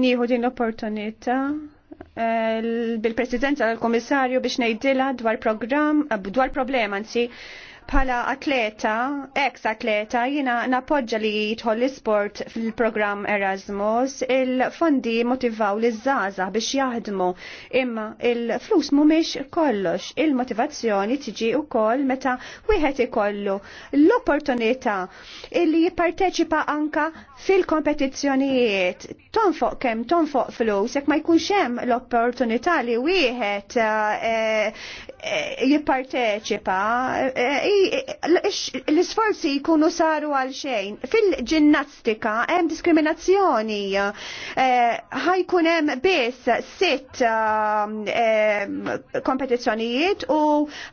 nieħu din l-opportunità eh, bil-presidenza tal-komissarju biex ngħidilha dwar programm eh, dwar problema anzi bħala atleta, ex atleta, jina napoġġa li jidħol l-sport fil-programm Erasmus, il-fondi motivaw li zaza biex jaħdmu, imma il-flus mumiex kollox, il-motivazzjoni tiġi u koll meta wieħed ikollu l-opportunità li jipparteċipa anka fil-kompetizzjonijiet, tonfoq kem tonfoq flus, jek ma jkunx hemm l-opportunità li wieħed eh, eh, jipparteċipa, eh, l-isforzi jkunu saru għal xejn. Fil-ġinnastika hemm diskriminazzjoni. Eh, ħajkun hemm biss sitt eh, kompetizzjonijiet u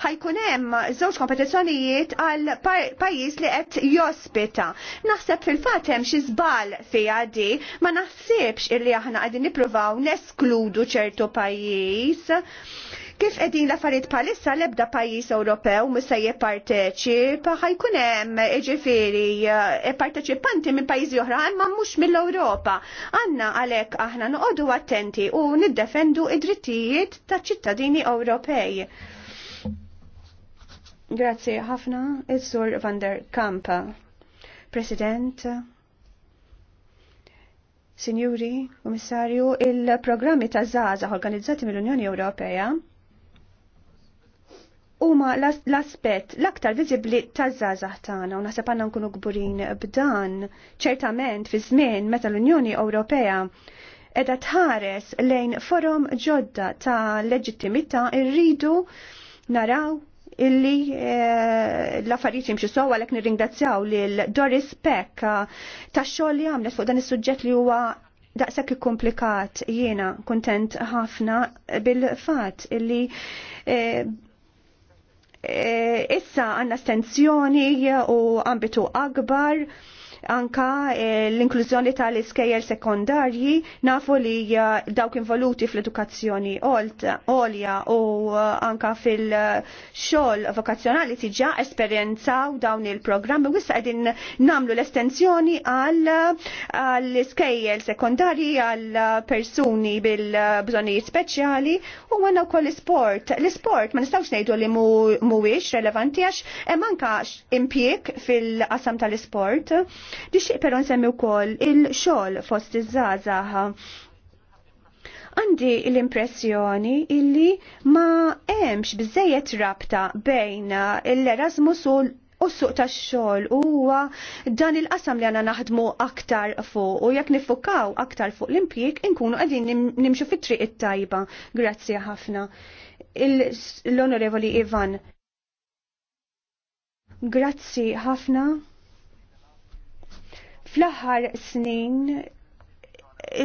ħajkun hemm żewġ kompetizzjonijiet għal pajjiż li qed jospita. Naħseb fil-fatt hemm xi żball fiha di, ma naħsibx illi aħna qegħdin nippruvaw neskludu ċertu pajjiż Kif qegħdin l-affarijiet bħalissa l-ebda pajjiż Ewropew mista jipparteċipa ħajkun hemm ġifieri eh, parteċipanti minn pajjiżi oħra imma mhux mill-Ewropa. Għanna għalhekk aħna noqogħdu attenti u niddefendu id-drittijiet taċ-ċittadini Ewropej. Grazzi ħafna, il-Sur van der Kamp. President, Signori, Komissarju, il-programmi ta' Zaza organizzati mill-Unjoni Ewropea huma l-aspett l-aktar viżibbli taż-żgħażagħ tagħna u naħseb għandna nkunu kburin b'dan ċertament fi żmien meta l-Unjoni Ewropea qiegħda tħares lejn forum ġodda ta' leġittimità rridu naraw illi eh, l-affarijiet jimxu sowa għalhekk nirringrazzjaw lil Doris Peck eh, tax-xogħol li għamlet fuq dan is-suġġett li huwa daqshekk komplikat jiena kuntent ħafna bil-fatt illi eh, Eh, issa għanna stenzjoni u ambitu akbar anka eh, l-inklużjoni tal-iskejjel sekondarji nafu li eh, dawk involuti fl-edukazzjoni olja u eh, anka fil-xogħol vokazzjonali tiġa esperjenzaw dawn il-programmi wissa qegħdin namlu l-estensjoni għall-iskejjel sekondarji għal persuni bil-bżonijiet speċjali u għanna wkoll sport. L-sport ma nistgħux ngħidu li mhuwiex relevanti għax hemm anka impjieg fil-qasam tal-isport Nixtieq però nsemmi wkoll il-xogħol fost iż-żgħażagħ għandi l-impressjoni illi ma hemmx biżejjed rabta bejn l-Erasmus u u suq ta' xol huwa dan il-qasam li għana naħdmu aktar fuq u jekk nifukaw aktar fuq l-impjik inkunu għadin nimxu fit-triq it-tajba. Grazzi ħafna. L-Onorevoli Ivan. Grazzi ħafna. Fl-aħħar snin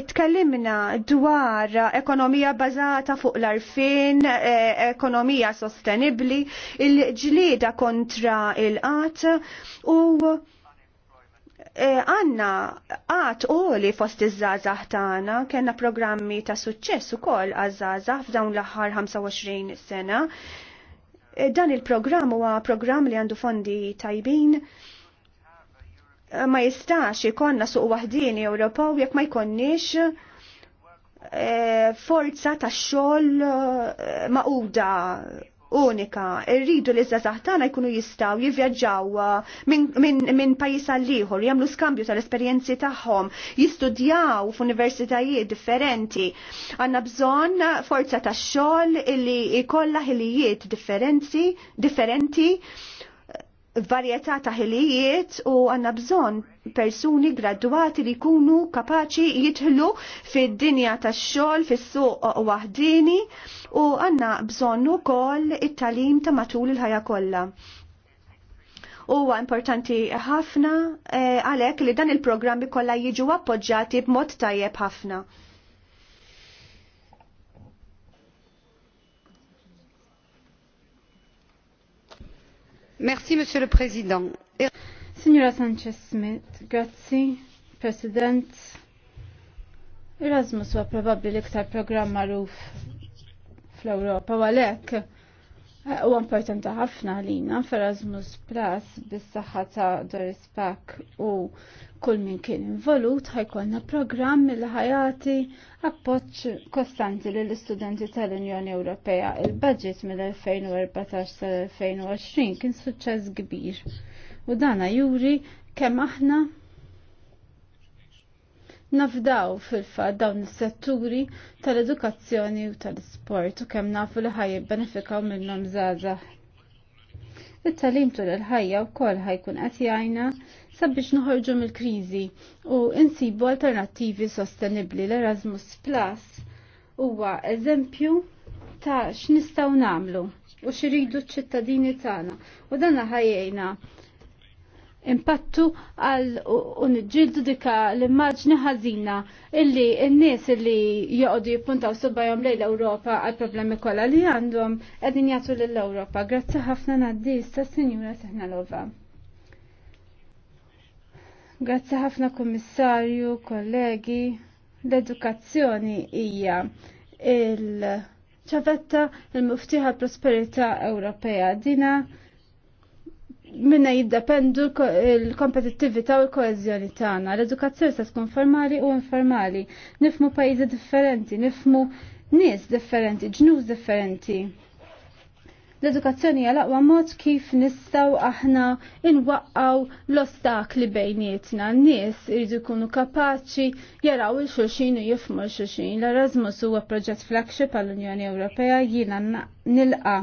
Itkellimna dwar ekonomija bazata fuq l-arfin, e, ekonomija sostenibli, il-ġlida kontra il-qat u e, għanna għat u li fost iż-żazax tagħna kellna programmi ta' suċċess ukoll għaż-żazax f'dawn l-aħħar 25 sena. E, dan il-programm huwa programm li għandu fondi tajbin ma jistax ikonna suq waħdini Ewropew jekk ma jkonniex e, forza ta' xogħol e, maquda unika. Irridu li żgħażagħ tagħna jkunu jistgħu jivvjaġġaw e, minn pajjiż għal ieħor, jagħmlu skambju tal-esperjenzi tagħhom, jistudjaw f'universitajiet differenti. Għandna bżonn forza ta' xogħol illi jkollha ħilijiet differenzi differenti, differenti varjetà ta' ħilijiet u għanna bżon persuni graduati li jkunu kapaċi jidħlu fid-dinja tax-xogħol fis-suq waħdini u għanna bżonn ukoll it-talim ta' matul il-ħajja kollha. Huwa importanti ħafna eh, għalhekk li dan il-programmi kollha jiġu appoġġjati b'mod tajjeb ħafna. Merci, Monsieur le Président. Signora Sanchez-Smith, grazie, President. Erasmus huwa probabbli l-iktar programm magħruf fl-Ewropa u għalhekk eh, huwa importanti ħafna għalina f'Erasmus Plus bis-saħħa ta' Doris Pack u Kull min kien involut ħajkonna programm mill ħajati appoġġ kostanti lill istudenti tal-Unjoni Ewropea. Il-budget mill-2014 sal-2020 kien suċċess kbir. U dana juri kemm aħna nafdaw fil-fat dawn is-setturi tal-edukazzjoni u tal-isport u kemm nafu li ħaj jibbenefikaw minnhom żgħażagħ. It-talim tul il-ħajja wkoll ħajkun qed jgħinna sabiex nħorġu mill-kriżi u insibu alternattivi sostenibli l-Erasmus Plus huwa eżempju ta' x'nistgħu nagħmlu u xiridu ċ-ċittadini tagħna u dan ħajjejna impattu għal u nġildu dika l-immaġni ħażina illi n-nies illi joqogħdu jippuntaw subajhom lejn l-Ewropa għal problemi kollha li għandhom qegħdin jagħtu lill-Ewropa. Grazzi ħafna ngħaddi ta' Sinjura Seħnalova. Grazzi ħafna kummissarju, kollegi. L-edukazzjoni hija il-ċavetta il-muftiħa prosperità Ewropea. Dina minna jiddependu il kompetittività u l-koezjoni tagħna. L-edukazzjoni se tkun formali u informali. Nifmu pajjiżi differenti, nifmu nies differenti, ġnus differenti. L-edukazzjoni hija aqwa mod kif nistgħu aħna inwaqqaw l-ostakli bejnietna. N-nies iridu jkunu kapaċi jaraw il-xulxin u jifmu l-xulxin. L-Erasmus huwa proġett flagship għall-Unjoni Ewropea jiena nilqa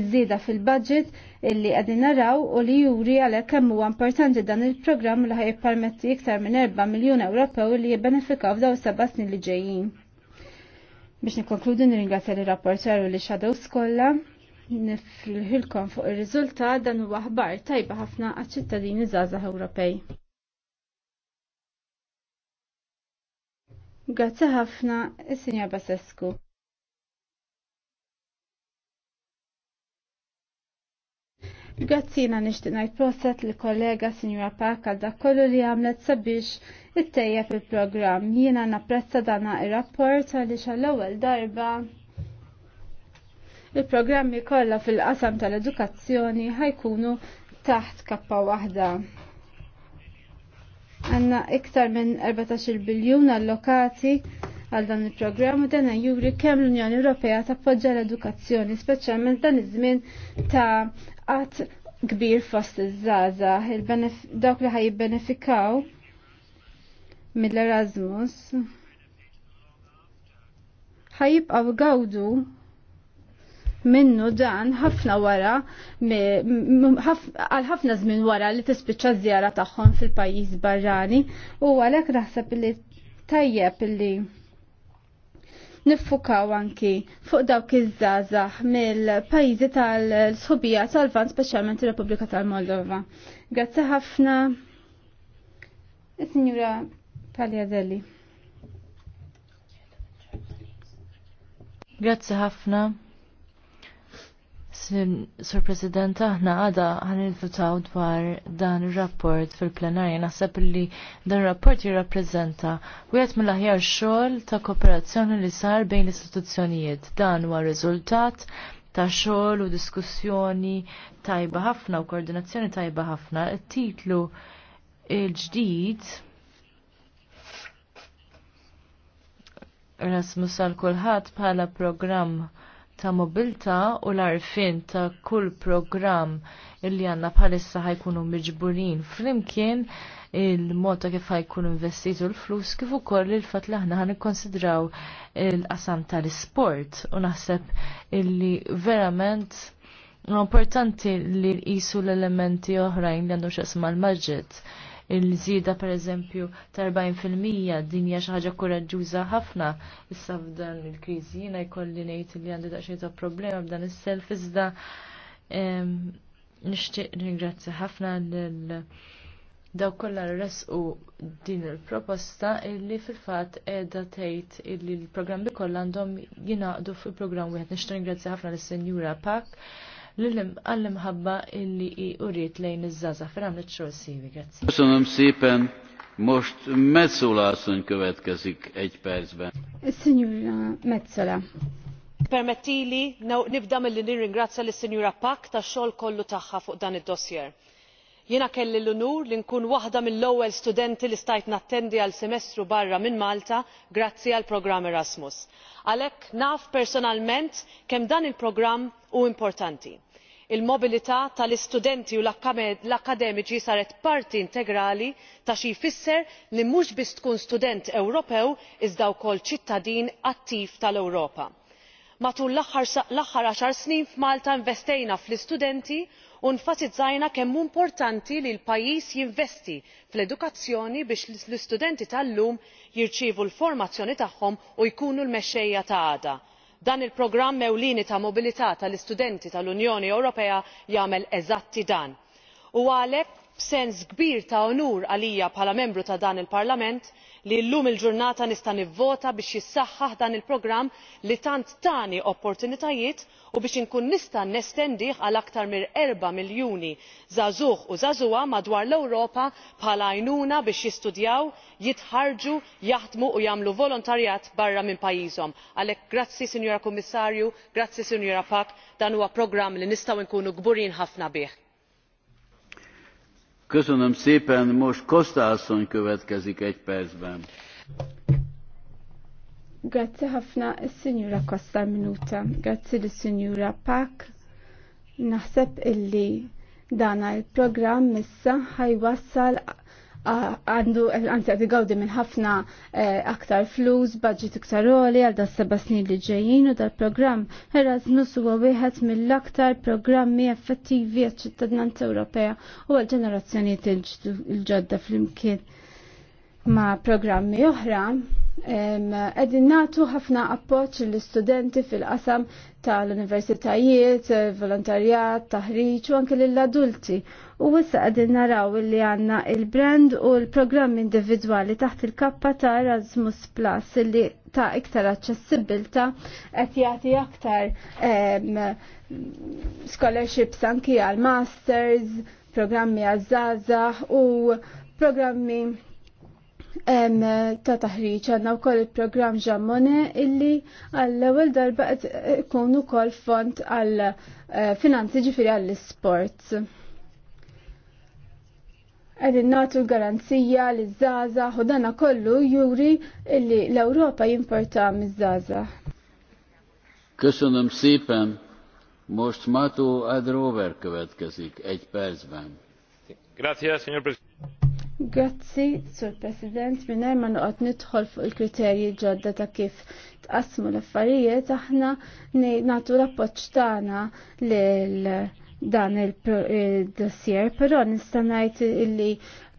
iż-żieda fil-budget illi għadin naraw u li juri għalhekk kemm huwa importanti dan il-programm li ħaj jippermetti iktar minn 4 miljun Ewropew li jibbenefikaw f'daw seba' snin li ġejjin. Biex nikkonkludi nirringrazzja l rapporter u li xadow skolla niflħilkom fuq ir-riżultat dan huwa għahbar tajba ħafna għacċittadini ċittadini Ewropej. Grazzi ħafna il sinja Basescu. Grazzina nishtiq ngħid proset li kollega Sinjura Park da kollu li għamlet sabiex it-tejja il-programm. Jiena napprezza dana ir-rapport għaliex għall-ewwel darba Il-programmi kollha fil-qasam tal-edukazzjoni ħajkunu taħt kappa waħda. Għanna iktar minn 14 biljun allokati għal dan il-programm u dan juri kemm l-Unjoni Ewropea tappoġġa l-edukazzjoni, speċjalment dan iż-żmien ta' qatt kbir fost iż żaża dawk li ħajjibbenefikaw mill-Erasmus ħajibqaw gawdu minnu dan ħafna wara għal ħafna żmien wara li tispiċċa żjara tagħhom fil-pajjiż barrani u għalhekk naħseb li tajjeb li niffukaw anki fuq dawk iż-żgħażagħ mill-pajjiżi tal-sħubija tal-Vant speċjalment ir-Repubblika tal-Moldova. Grazzi ħafna is-Sinjura Paljadelli. Grazzi ħafna. Sur President, aħna għada għan il futaw dwar dan il-rapport fil-plenarja. Naħseb li dan il-rapport jirrapprezenta u jgħat mill-aħjar xol ta' kooperazzjoni li sar bejn l-istituzzjonijiet. Dan huwa riżultat ta' xol u diskussjoni tajba ħafna u koordinazzjoni tajba ħafna. titlu il-ġdid Erasmus għal kulħadd bħala programm ta' mobilta u l-arfin ta' kull program illi għanna bħalissa ħajkunu miġburin flimkien il mota kif ħajkunu investitu l-flus kif ukoll il-fatt li aħna konsidraw il-qasam tal-isport u naħseb illi verament importanti li jisu l-elementi oħrajn li għandu xasma l-maġġet il per pereżempju ta' 40% din hija xi ħaġa koraġġuża ħafna issa f'dan il-kriżi jiena jkolli ngħid li għandi daqsxejn ta' problema b'dan is-self iżda nixtieq ringrazzja ħafna lil daw kollha resqu din il-proposta illi fil-fatt qiegħda tgħid illi l-programmi kollha għandhom jingħaqdu fil-programm wieħed nixtieq ringrazzja ħafna lis senjura Pak għall-imħabba illi i uriet lejn iż-żaza fil-għamlet xogħol sivi. Grazzi. Köszönöm szépen, most Metzola asszony kazik egy percben. Signora Metzola. Permettili nibda mill-li nirringrazzja l sinjura Pak ta' xogħol kollu tagħha fuq dan id-dossier jiena kelli l-unur li nkun waħda mill-ewwel studenti li stajt nattendi għal semestru barra minn malta grazzi għall programm erasmus għalhekk naf personalment kemm dan il programm hu importanti il mobilità tal istudenti u l akademiċi saret parti integrali ta' xi jfisser li mhux biss tkun student ewropew iżda wkoll ċittadin attiv tal ewropa. matul l aħħar għaxar snin f'malta investejna fl istudenti u nfasizzajna kemm hu importanti li l pajjiż jinvesti fl edukazzjoni biex l istudenti tal lum jirċievu l formazzjoni tagħhom u jkunu l mexxejja ta' għada dan il programm ewlieni ta' mobilità tal istudenti tal unjoni ewropea jagħmel eżatti dan u għalhekk b'sens kbir ta' onur għalija bħala membru ta' dan il parlament li llum il ġurnata nista' nivvota biex jissaħħaħ dan il-programm li tant tani opportunitajiet u biex inkun nista' nestendih għal aktar minn erba' miljuni żagħżugħ u żagħżugħa madwar l-ewropa bħala għajnuna biex jistudjaw jitħarġu jaħdmu u jagħmlu volontarjat barra minn pajjiżhom. għalhekk grazzi sinjura kummissarju grazzi sinjura pack dan huwa programm li nistgħu nkunu kburin ħafna bih. Köszönöm szépen, most Kosta asszony következik egy percben. Grazie ħafna is-Sinjura Kosta Minuta, Grazie lis-Sinjura Pak. Naħseb illi dana il-programm program issa ħajwassal għandu għanti għati għawdi minn ħafna eh, aktar flus, budget iktar għoli għal da' seba snin li ġejjin u dal-program Erasmus huwa wieħed mill-aktar programmi effettivi għal ċittadinanza Ewropea u għal ġenerazzjonijiet il-ġodda fl-imkien ma' programmi oħra, Għedin natu ħafna appoċ l-studenti fil-qasam tal-universitajiet, volontarjat, taħriċ u anke l-adulti. U wissa għedin naraw li għanna il-brand u l program individuali taħt il-kappa ta' Erasmus Plus li ta' iktar aċċessibilta qed jagħti aktar scholarships anki għal masters, programmi għazzaza u programmi ta' taħriġ għandna wkoll il-programm Ġammone illi għall-ewwel darba kunu ikun ukoll font għal eh, finanzi ġifieri għall-isports. Qegħdin nagħtu garanzija li zaza u dana kollu juri illi l-Ewropa jimporta miż-żgħażagħ. Köszönöm szépen, most Matu Adrover következik eċ percben. Grazie, signor Presidente. Grazzi, Sur President, minn ma noqgħod nidħol fuq il-kriterji ġodda ta' kif tqasmu l-affarijiet aħna nagħtu l-appoġġ tagħna l dan il-dossier, però nista' ngħid illi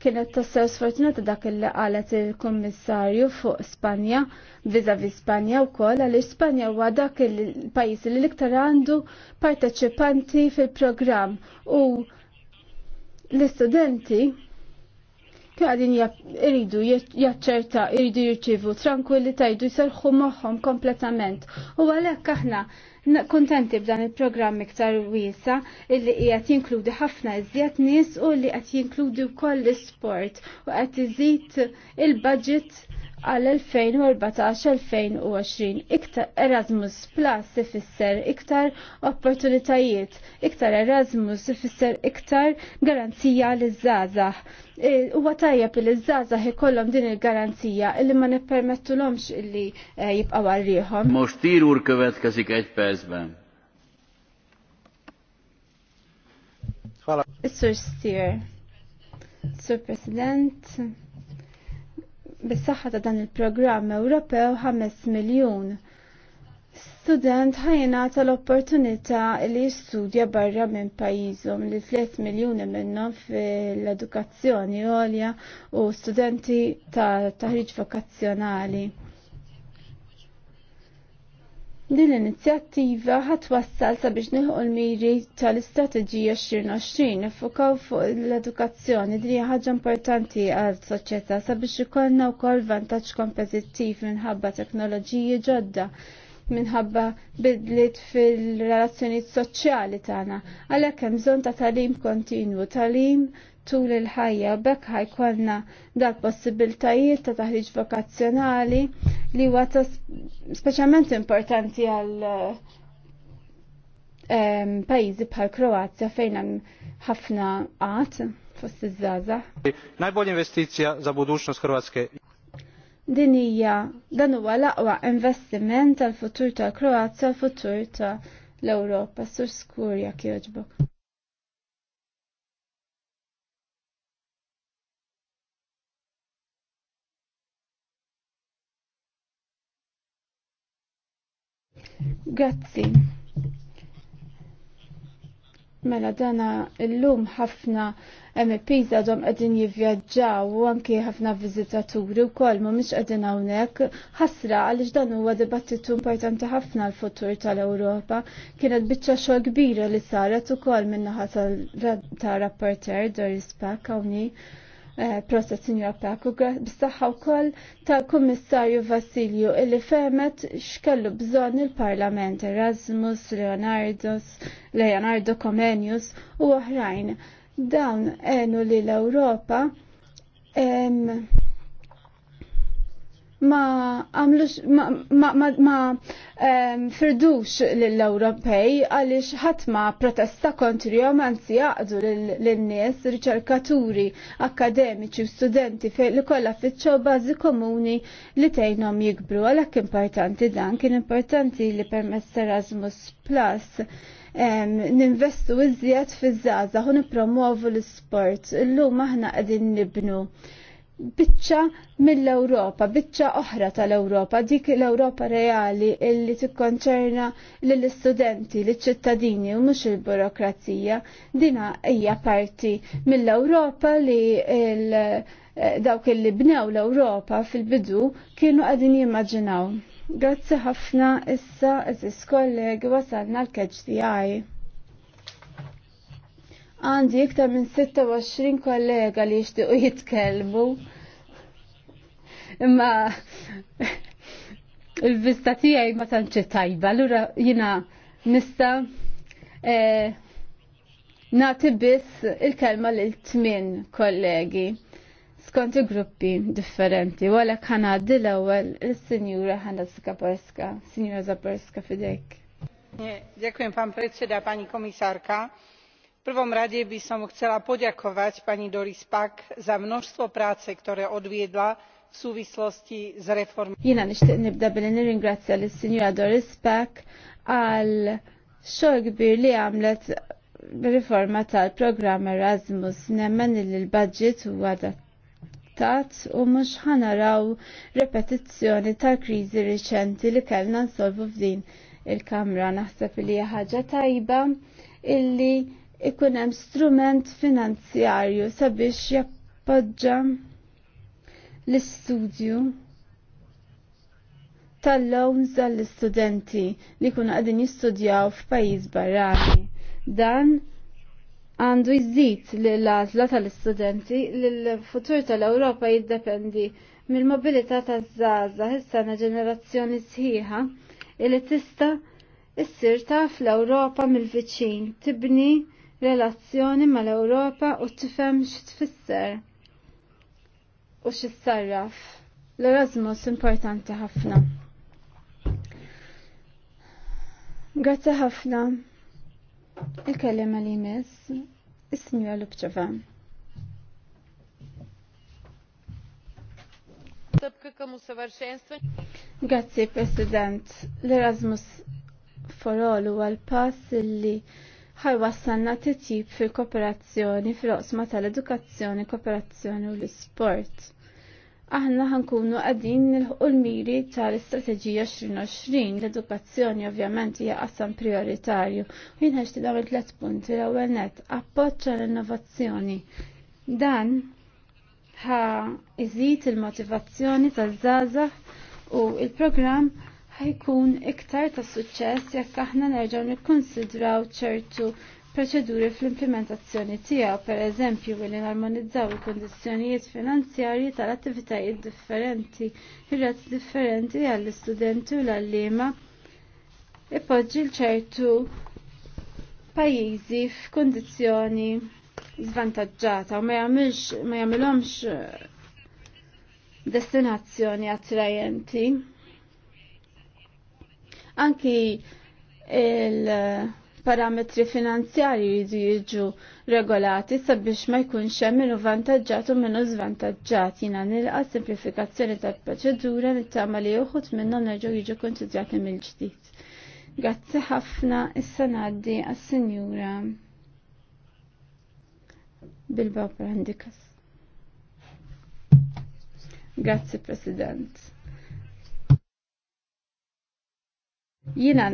kienet tassew sfortunata dak illi qalet il-Kummissarju fuq Spanja, vi Spanja wkoll għaliex Spanja huwa dak il pajis li l-iktar għandu parteċipanti fil-programm u l-istudenti għadin iridu jaċċerta, iridu jirċivu tranquillita, jridu jisarħu moħħom kompletament. U għalhekk aħna kontenti b'dan il-programm iktar wiesa illi qiegħed jinkludi ħafna iżjed nies u li qed jinkludi wkoll l-isport u qed iżid il-budget għal 2014-2020 iktar Erasmus Plus ifisser iktar opportunitajiet, iktar Erasmus ifisser iktar garanzija l żgħażagħ e, Huwa tajjeb li żgħażagħ ikollhom din il-garanzija illi ma nippermettulhomx illi e, jibqa' għarrieħhom. Mostir ur követ kasik qed pezben. Mr. Steer, Sir Sur President, bis-saħħa ta' dan il-programm Ewropew 5 miljun student ħajna tal-opportunità li jistudja barra minn pajjiżhom li 3 miljuni minnhom fil-edukazzjoni għolja u studenti ta' taħriġ vokazzjonali. Din l-inizjattiva ħat wassal sabiex nieħu l-miri tal-istrateġija 2020 nifukaw fuq l-edukazzjoni li ħaġa importanti għal soċjetà sabiex ikollna wkoll vantaġġ kompetittiv minħabba teknoloġiji ġodda minħabba bidlit fil relazzjoni soċjali tagħna. Għalhekk hemm bżonn ta' talim kontinwu, talim tul il-ħajja bekk ħajkollna dal-possibiltajiet ta' taħriġ vokazzjonali li huwa speċjalment importanti għal ehm, pajjiżi bħal Kroazja fejn hemm ħafna qatt fost iż-żgħażagħ. Najbol investizzja za buduċnost Kroatske. Din hija dan huwa l-aqwa investiment għall futur tal-Kroazja l-futur tal-Ewropa. Sur skur jak jogħġbok. Grazzi. Mela dana illum ħafna MPs għadhom qegħdin jivvjaġġaw u anki ħafna viżitaturi wkoll mhumiex qegħdin hawnhekk ħasra għaliex dan huwa dibattitu importanti ħafna l futur tal-Ewropa. Kienet biċċa xogħol kbira li saret ukoll min-naħa ta' rapporter Doris Pack hawnhekk Eh, proċess Sinjor Paku bistaħħa wkoll ta' Kummissarju Vassilju illi fermet x'kellu bżonn il-Parlament Erasmus, Leonardos, Leonardo Comenius u oħrajn. Dawn għenu li l-Ewropa ma għamlux ma, ma, ma, ma um, firdux lill-Ewropej għaliex ħadd ma protesta kontrihom anzi jaqdu lin-nies riċerkaturi akademiċi u studenti li kollha fitxew bażi komuni li tejnom jikbru għalhekk importanti dan kien importanti li permess Erasmus Plus ehm, ninvestu iżjed fiż-żgħażagħ u nippromuovu l-isport. Illum aħna qegħdin nibnu biċċa mill-Ewropa, biċċa oħra tal-Ewropa, dik l-Ewropa reali illi tikkonċerna lill-istudenti, l ċittadini u mhux il-burokrazija. Dina hija parti mill-Ewropa li il dawk illi bnew l-Ewropa fil-bidu kienu qegħdin jimmaġinaw. Grazzi ħafna issa eżis kollegi wasalna l-keġ tiegħi. Għandi iktar minn 26 kollega li jixtiequ jitkellmu. Imma il-vista tiegħi ma tanċi tajba, allura jiena nista' e, nati nagħti biss il-kelma lil tmien kollegi skont gruppi differenti, u għalek ħanaddi l-ewwel is-Sinjura ħana Zaporska, Sinjura Zaporska f'idek. Dziękuję pan Preċeda, pani komisarka prvom rade by som chcela poďakovať pani doris pack za množstvo práce ktoré odviedla v súvislosti s reformou. jiena nixtieq nibda billi nirringrazzja lis sinjura doris pack għal xogħol kbir li għamlet riforma tal-programm Erasmus nemmen li l-budget huwa adattat u mhux ħanaraw repetizzjoni tal-kriżi riċenti li kellna nsolvu f'din il-Kamra naħseb li ħaġa tajba illi ikun hemm strument finanzjarju sabiex jappoġġa l-istudju tal-lowns għall-istudenti li kunu għadin jistudjaw f'pajjiż barrani. Dan għandu jżid l-għażla tal-istudenti li l-futur tal-Ewropa jiddependi mill-mobilità taż-żgħażla ħissana ġenerazzjoni sħiħa li tista' issir taf l-Ewropa mill-viċin tibni relazzjoni mal-Ewropa u tifhem x'tfisser u x'issarraf. L-Erasmus importanti ħafna. Grazzi ħafna il-kellima li jmiss is-Sinjora Lubċova. Grazzi President. L-Erasmus for all huwa l-pass illi t tip fil-kooperazzjoni fil-oqsma tal-edukazzjoni, kooperazzjoni u l-sport. Aħna ħankunu għadin nilħu l-miri tal-istrateġija 2020, l-edukazzjoni ovvjament hija qasam prioritarju. U jien ħeġti dawn tliet punti l-ewwel net appoġġa l-innovazzjoni. Dan ħa iżid il-motivazzjoni taż-żgħażagħ u il-programm ħajkun iktar ta' suċċess jekk aħna nerġgħu nikkonsidraw ċertu proċeduri fl-implementazzjoni tiegħu, pereżempju li narmonizzaw il-kondizzjonijiet finanzjarji tal-attivitajiet differenti, ir differenti għall-istudenti u l-allima ipoġġi l-ċertu pajjiżi f'kondizzjoni zvantaġġata u ma jagħmilhomx eh, destinazzjoni attrajenti. Anki il-parametri finanzjarji jridu jiġu regolati sabiex ma jkunx hemm minnu vantaġġat u minnu żvantaġġat. Jiena nilqa' simplifikazzjoni tal-proċedura nittama li uħut minnhom nerġgħu jiġu konsidrati mill-ġdid. Grazzi ħafna issa ngħaddi għas bil Bilbao Brandikas. Grazzi President. Jina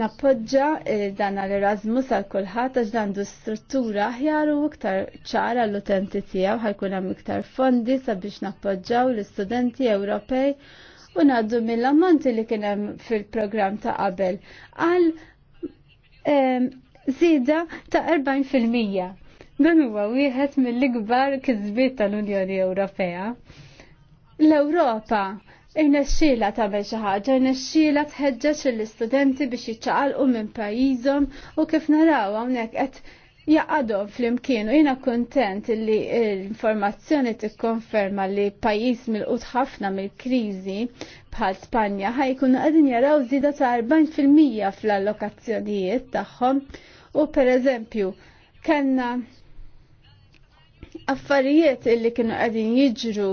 nappoġġa eh, dan l-Erasmus għal kulħadd għax għandu struttura aħjar u iktar ċara l-utenti tiegħu ħajkun hemm iktar fondi sabiex nappoġġaw l-istudenti Ewropej u ngħaddu mill-ammonti li kien hemm fil-programm ta' qabel għal zida ta' 40%. Dan huwa wieħed mill-ikbar kisbiet tal-Unjoni Ewropea. L-Ewropa Irnexxiela tagħmel xi ħaġa, irnexxiela tħeġġeġ lill-istudenti biex jiċċaqalqu minn pajjiżhom u kif naraw hawnhekk qed jaqadhom flimkien u jiena kuntent li l-informazzjoni tikkonferma li pajjiż milqut ħafna mill-kriżi bħal Spanja jkunu qegħdin jaraw żieda ta' 40% fl-allokazzjonijiet tagħhom u pereżempju kellna affarijiet illi kienu qegħdin jiġru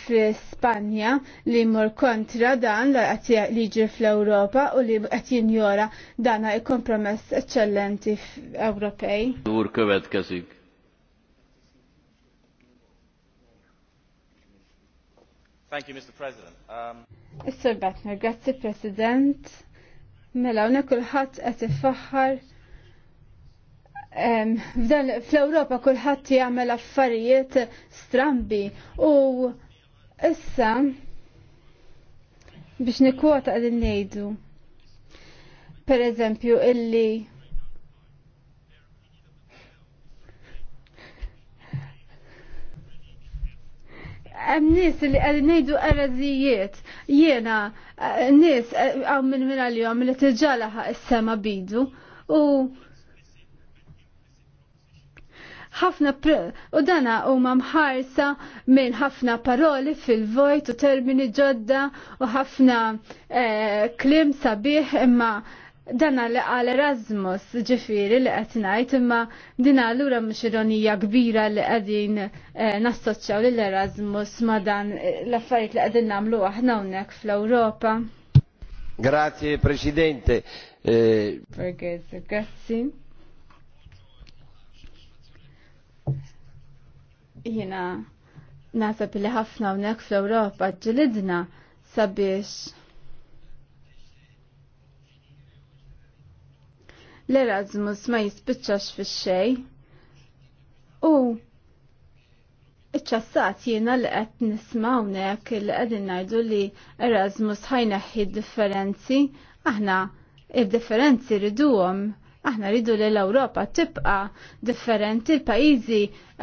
fi Spanja li mur kontra dan li jiġri fl-Ewropa u li qed jinjora dan il-kompromess eċċellenti Ewropej. Dur kivet kasik. Thank you, Mr. President. Um... sir Batner, grazie, President. Mela, unek kulħadd qed ifaħħar fl-Ewropa kulħadd jagħmel affarijiet strambi u issa biex nikwota għadin ngħidu. Per eżempju, illi hemm nies li qed ngħidu erażijiet. Jiena eh, nies eh, hawn minn minn għalihom li tiġalaħa is sema bidu u ħafna u dana u mamħarsa minn ħafna paroli fil-vojt u termini ġodda u ħafna eh, klim sabiħ imma dana li għal Erasmus ġifiri li qed ngħid imma din allura mhux ironija kbira li qegħdin eh, li l Erasmus ma dan eh, l-affarijiet li qegħdin nagħmlu aħna hawnhekk fl-Ewropa. Grazie Presidente. Perché, grazie. Jena nasab li ħafna unek fl-Europa ġilidna sabiex l-Erasmus ma jispiċċax fi xej u iċċassat jiena li qed nisma' hawnhekk li qegħdin ngħidu li Erasmus ħajneħħi differenzi aħna il differenzi riduhom Aħna rridu li l-Ewropa tibqa' differenti, l-pajjiżi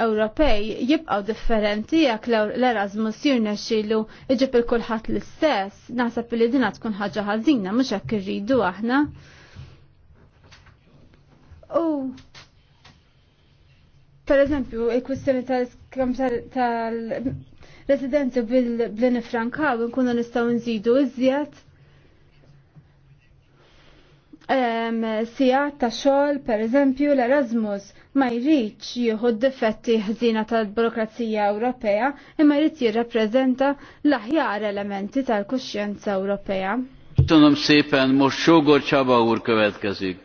Ewropej jibqgħu differenti jekk l-Erasmus jirnexxielu iġib il kulħadd l-istess. Naħseb li dinha tkun ħaġa ħażina mhux hekk irridu aħna. U per eżempju, il-kwistjoni tal-residenti bil-Blenifrankaw nkunu nistgħu nżidu iżjed Um, sija ta' xol, per eżempju, l-Erasmus ma jriċ juhu d-difetti ħżina tal-burokrazija Ewropea imma jrid jirrappreżenta l-aħjar elementi tal-kuxjenza Ewropea. Tunum sipen mux xugor ċaba ur kvet kazik.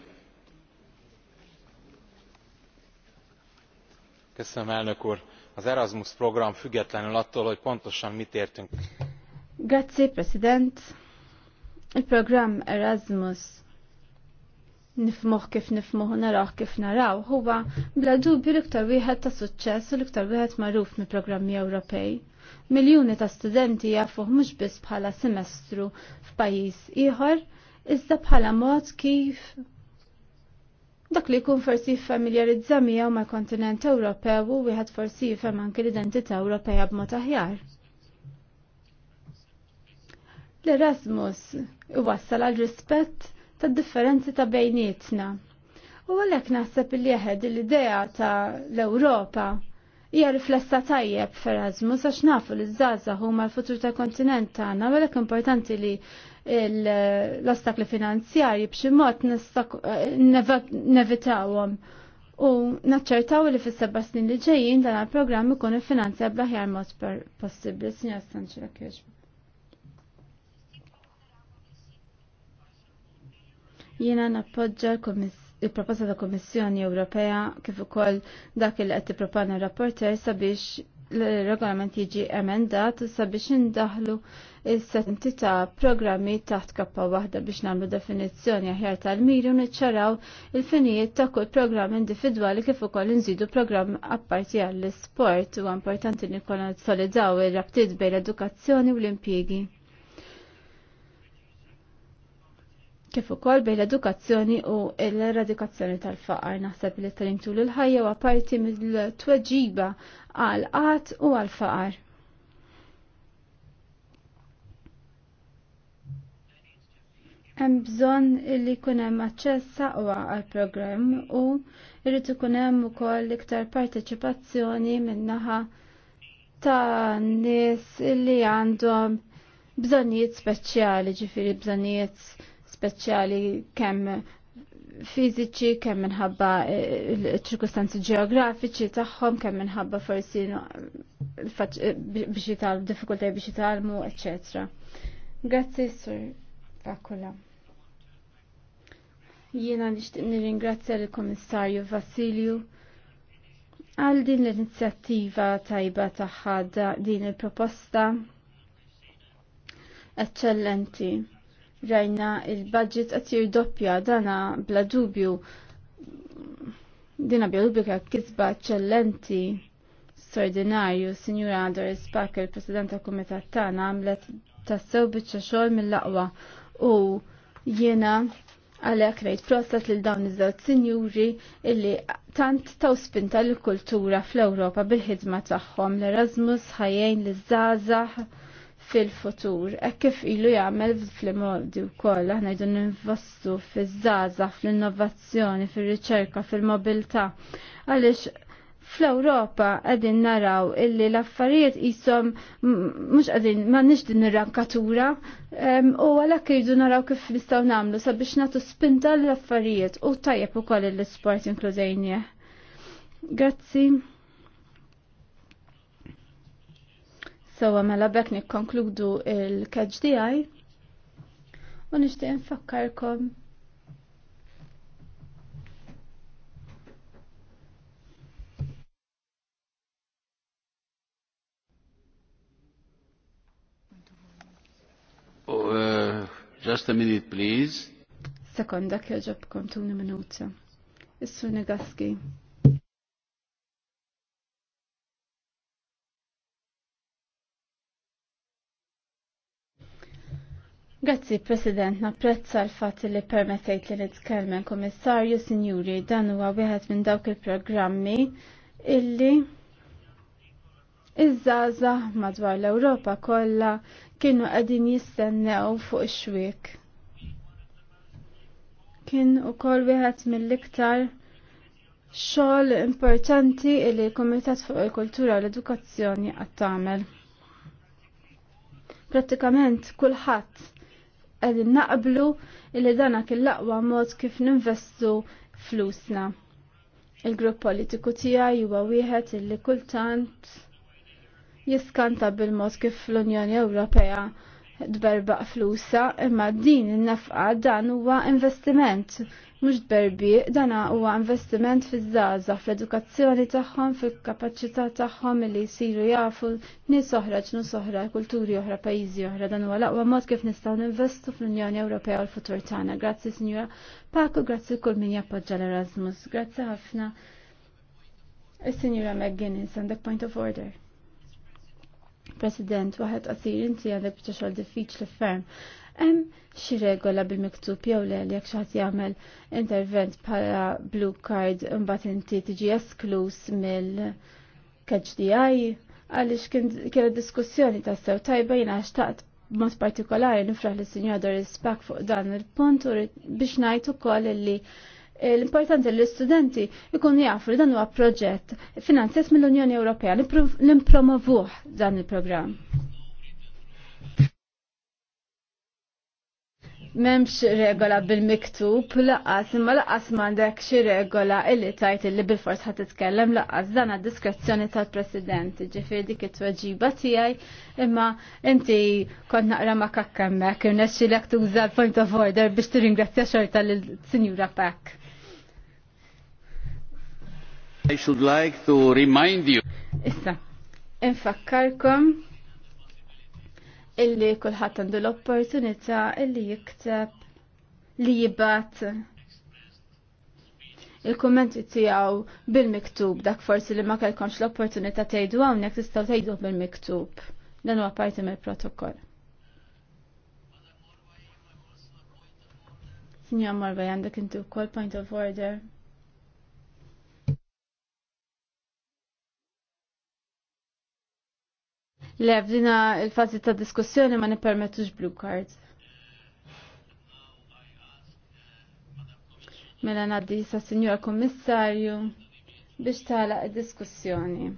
Köszönöm, elnök úr. Az Erasmus program függetlenül attól, hogy pontosan mit értünk. Grazie, President. Il-program Erasmus nifmuħ kif nifmuħ naraw kif naraw huwa bla dubju l-iktar wieħed ta' suċċess u l-iktar wieħed magħruf mill-programmi Ewropej. Miljuni ta' studenti jafuh mhux biss bħala semestru f'pajjiż ieħor, iżda bħala mod kif dak li jkun forsi familjarizza miegħu mal-kontinent Ewropew u wieħed forsi jifhem anke l-identità Ewropea b'mod aħjar. L-Erasmus iwassal għal rispett ta' differenzi ta' bejnietna. U għalek naħseb li jeħed l-idea ta' l-Europa hija riflessa tajjeb f'Erasmus għax nafu li żgħażagħ huma l-futur ta' kontinent tagħna, għalhekk importanti li l-ostakli finanzjarji b'xi mod nevitawhom u naċċertaw li fis-seba' snin li ġejjin dan il-programm ikun iffinanzja bl-aħjar mod possibbli. Sinjor Sanċila Kirchberg. Jiena nappoġġa il-proposta ta' Kommissjoni Ewropea kif ukoll dak il qed tippropana rapporter sabiex l-regolament jiġi emendat sabiex indaħlu s setti ta' programmi taħt kappa waħda biex nagħmlu definizzjoni aħjar tal-miri niċċaraw il-finijiet ta' kull programm individwali kif ukoll inżidu programm apparti għall-sport u importanti li nkollna solidaw ir-rabtiet bejn l-edukazzjoni u l-impjiegi. kif ukoll bejn l-edukazzjoni u l-eradikazzjoni tal-faqar naħseb li t-talim tul il-ħajja huwa parti mill-tweġiba għal qatt u għal faqar. Hemm bżonn li jkun hemm aċċess saqwa għall programm u jrid ikun hemm ukoll iktar parteċipazzjoni min-naħa ta' nies li għandhom bżonnijiet speċjali, ġifieri bżonnijiet speċjali kemm fiziċi, kemm minħabba eh, ċirkustanzi ġeografiċi tagħhom, kemm minħabba forsi eh, biex jitalmu, diffikultà biex jitalmu, eccetera. Grazzi, Sur Fakula. Jiena nixtieq nirringrazzja l-Kummissarju Vasilju għal din l-inizjattiva tajba tagħha din il-proposta eccellenti rajna il-budget għatir doppja dana bla dubju dina bla dubju kisba ċellenti straordinarju Signora Doris Parker, il-Presidenta Kumitat Tana, għamlet tassew biċċa xogħol mill laqwa u jiena għalhekk rejt prostat lil dawn iż-żewġ sinjuri illi tant taw spinta l-kultura fl-Ewropa bil-ħidma tagħhom l-Erasmus ħajjejn l-żgħażagħ fil-futur, e kif ilu jagħmel fl-modi wkoll aħna jdu ninvestu fiż-żgħażagħ, fl-innovazzjoni, fir-riċerka, fil-mobilità. Għaliex fl-Ewropa qegħdin naraw illi l-affarijiet qishom mhux qegħdin m'għandniex din ir-rankatura u għalhekk jridu naraw kif nistgħu nagħmlu sabiex nagħtu spinta l-affarijiet u tajjeb ukoll l-isport inklużejnieh. Grazzi. Sewa mela bekk nikkonkludu il-catch DI u nixtieq nfakkarkom oh, Uh, just a minute, please. Sekonda kħeġab kontuni minuta. Is-suni Negaski. Grazzi President, napprezza l-fatt li permettejt li nitkellmen kommissarju Sinjuri dan huwa wieħed minn dawk il-programmi illi iż-żaża madwar l-Ewropa kollha kienu qegħdin jistennew fuq ix-xwiek. Kien ukoll wieħed mill-iktar xogħol importanti li l-Kumitat fuq il-Kultura u l-Edukazzjoni qatt tagħmel. Prattikament kulħadd għedin naqblu illi dana kill-laqwa mod kif ninvestu flusna. Il-grupp politiku tiegħi juwa wieħed illi kultant jiskanta bil-mod kif l-Unjoni Ewropea dberbaq flusa imma din in-nefqa dan huwa investiment mhux berbi dana huwa investiment fiż-żgħażagħ fl-edukazzjoni tagħhom, fil-kapaċità tagħhom li jsiru jafu nies oħra ġnu soħra, kulturi oħra, pajjiżi oħra. Dan huwa l-aqwa mod kif nistgħu ninvestu fl-Unjoni Ewropea u l-futur tagħna. Grazzi Sinjura Paku, grazzi kull min jappoġġa l-Erasmus. Grazzi ħafna. Is-Sinjura eh, and the point of order. President, waħed qasir inti għandek bieċa xogħol diffiċli ferm. Hemm xi regola bil-miktub jew le li jekk ħadd jagħmel intervent bħala blue card imbagħad inti tiġi esklus mill kdi għaliex kienet diskussjoni ta' sew tajba jiena xtaqt mod partikolari nifraħ li sinjor Doris Pak fuq dan il-punt u biex ngħid ukoll li L-importanti li l-studenti ikun jafru li dan huwa proġett finanzjat mill-Unjoni Ewropea li mpromovuh dan il-programm. Memx regola bil-miktub, laqas, imma laqas mandek xi regola illi tajt illi bil-fors ħat t-tkellem, laqas dan għad diskrezzjoni tal-president, ġifiri dik it-tweġiba tiegħi, imma inti kont naqra ma kakkemmek, irnexxilek tuża l-point of order biex t-ringrazzja xorta l sinjura Pek. I should like to remind you. Issa, infakkarkom illi kullħat għandu l-opportunità illi jikteb li jibat il-kommenti tijaw bil-miktub dak forsi li ma kellkomx l-opportunità tgħidu hawnhekk tistaw tejdu bil-miktub. Dan huwa parti mill-protokoll. Signor Marva, għandek intu wkoll point of order. Le f'dina il-fazi ta' diskussjoni ma nippermettux blue card. Mela naddi sa' signor Kommissarju biex tagħlaq diskussjoni.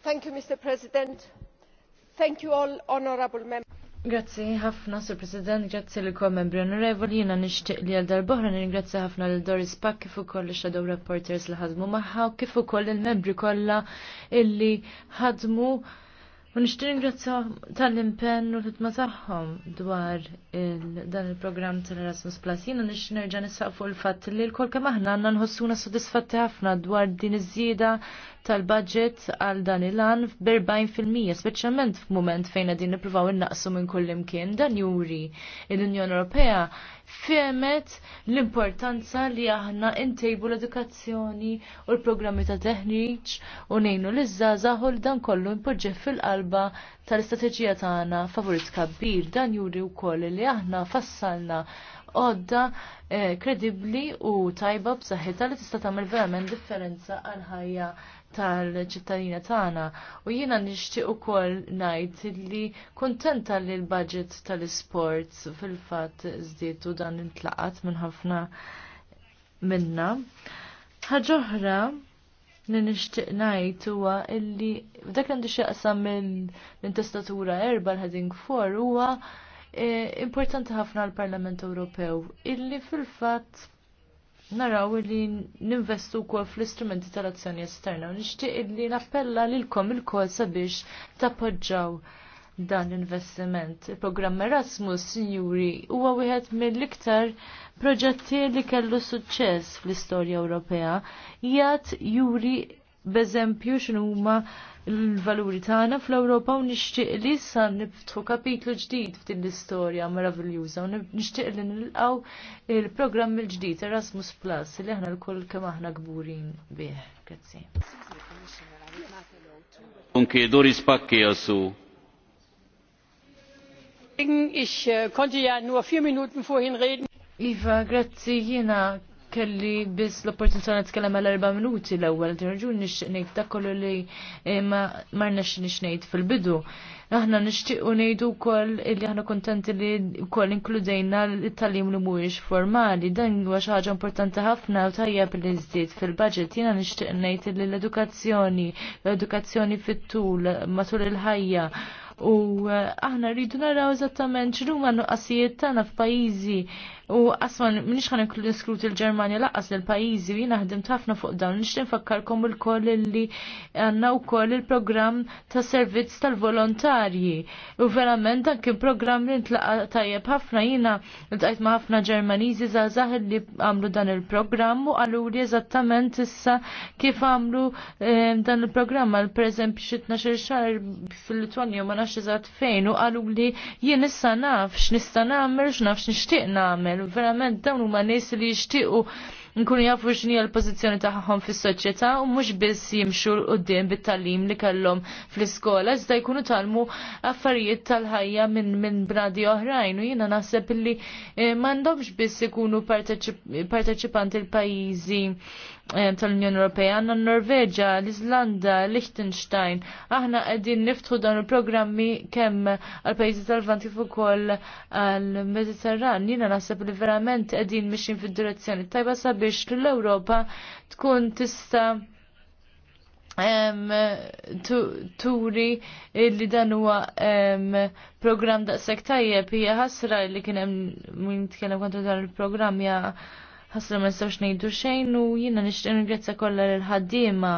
Thank you, Mr. President. Thank you all, honorable members. Grazzi ħafna, Sir President, grazzi li kom membri onorevoli, jina nishtiq li għal darbohra ringrazzi ħafna l Doris Pak kif ukoll Shadow Reporters li ħadmu maħħa kifu kif ukoll il-membri kollha illi ħadmu U nishtin tal-impenn u l-ħidma tagħhom dwar dan il-programm tal-Erasmus Plasin u nixtieq nerġa' nisaq fuq il-fatt li l-kol kem aħna għandna nħossuna sodisfatti ħafna dwar din iż żida tal-budget għal dan il-an f speċjalment f'mument fejn qegħdin il-naqsu minn kull imkien. Dan juri l-Unjoni Ewropea fiemet l-importanza li aħna intejbu l-edukazzjoni u l-programmi ta' teħniċ u nejnu l iżżazaħ u dan kollu impoġġef fil-qalba tal-istrateġija tagħna favorit kabbir dan juri wkoll li aħna fassalna għodda eh, kredibli u tajba b'saħħitha li tista' tagħmel verament differenza għal ħajja tal-ċittadina tagħna u jiena nixtieq ukoll ngħid li kuntenta li l-budget tal-isports fil-fatt żdied u dan intlaqat minn ħafna minna. Ħaġa oħra li nixtieq ngħid huwa illi dak għandu x'jaqsam mill-intestatura erba l-heading for huwa eh, importanti ħafna l-Parlament Ewropew illi fil-fatt naraw li ninvestu wkoll fl-istrumenti tal-azzjoni esterna u nixtieq li nappella lilkom ilkoll sabiex tappoġġaw dan l-investiment. Il-programm Erasmus, sinjuri, huwa wieħed mill-iktar proġetti li kellu suċċess fl-istorja Ewropea. Jgħat juri b'eżempju x'inhuma huma l-valuri tagħna fl-Ewropa u nixtieq li issa niftħu kapitlu ġdid f'din l-istorja meraviljuża u nixtieq li nilqgħu il-programm il-ġdid Erasmus Plus li aħna l-kull kemm aħna kburin bih. Grazzi. Unki Doris Spakki jassu ich äh, konnte ja nur vier Minuten vorhin reden. Iva, grazzi, jina kelli biss l-opportunità nitkellem għal erba' minuti l-ewwel raġun nixtieq ngħid dak kollu li eh, ma rnexxinix ngħid fil-bidu. Aħna nixtiequ ngħidu wkoll li aħna kuntenti li wkoll inkludejna l-tagħlim li mhuwiex formali. Dan huwa xi ħaġa importanti ħafna u tajjeb li żdied fil-budget. Jiena nixtieq ngħid li l-edukazzjoni, l-edukazzjoni fit-tul matul il-ħajja u eh, aħna rridu naraw eżattament x'huma nuqqasijiet tagħna f'pajjiżi U asman minix ħan niskrut il-Ġermanja laqqas l-pajizi jina ħdim ħafna fuq dawn. Nix nfakkarkom il-koll li għanna u koll il-program ta' servizz tal-volontarji. U verament dan kien program li ntlaqa tajjeb ħafna jina ntlaqajt ma' ħafna Ġermaniżi zazah li għamlu dan il-program u għallu li eżattament issa kif għamlu ehm, dan il-program għal per xitna xar fil-Litwanja ma nax eżatt fejn u għallu li jien issa nafx nista' nagħmel x'nafx nixtieq nagħmel Leyen, verament dawn huma nies li jixtiequ nkunu jafu x'inhi l-pożizzjoni tagħhom fis-soċjetà u mhux biss jimxu qudiem bit-tagħlim li kellhom fl-iskola, iżda jkunu talmu affarijiet tal-ħajja minn min bnadi oħrajn u jiena naħseb illi eh, m'għandhomx biss ikunu parteċipanti l-pajjiżi Eh, tal-Unjoni Ewropea għandna n-Norveġa, l-Iżlanda, Liechtenstein. Aħna qegħdin niftħu dawn il-programmi kemm għal pajjiżi tal-Vanti fuq ukoll għall-Mediterran. Jiena naħseb li verament qegħdin mixin fid-direzzjoni tajba sabiex l-Ewropa tkun tista' turi li dan huwa program daqshekk tajjeb hija ħasra li kien hemm min tkellem kontra dan il-programm ja ħasra ma nistawx ngħidu xejn u jiena nixtieq ningrazzja kollha lill-ħaddiema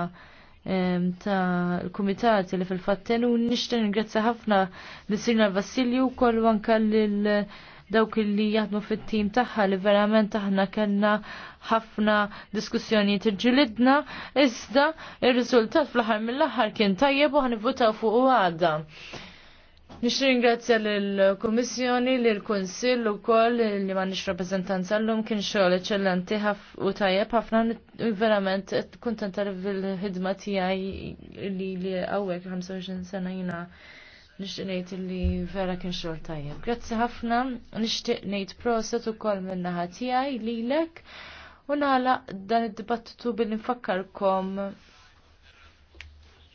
ta' l-kumitati li fil-fatten u nixtieq ningrazzja ħafna l Sirna Vassilju kollu anke lil dawk li jaħdmu fit-tim tagħha li verament aħna kellna ħafna diskussjoni ġilidna iżda ir-riżultat fl-aħħar mill-aħħar kien tajjeb u ħanivvutaw fuq għadha. Nix ringrazzja l-Komissjoni, l-Konsil u koll li ma nix rappresentanza l-lum kien xoħl eccellenti u tajjeb ħafna verament kontenta l-ħidma tijaj li li għawek 25 sena jina nishtiq nejt li vera kien xoħl tajjeb. Grazzi ħafna, nishtiq nejt proset u koll minna ħatijaj li l-ek u nala dan id-dibattitu bil nfakkarkom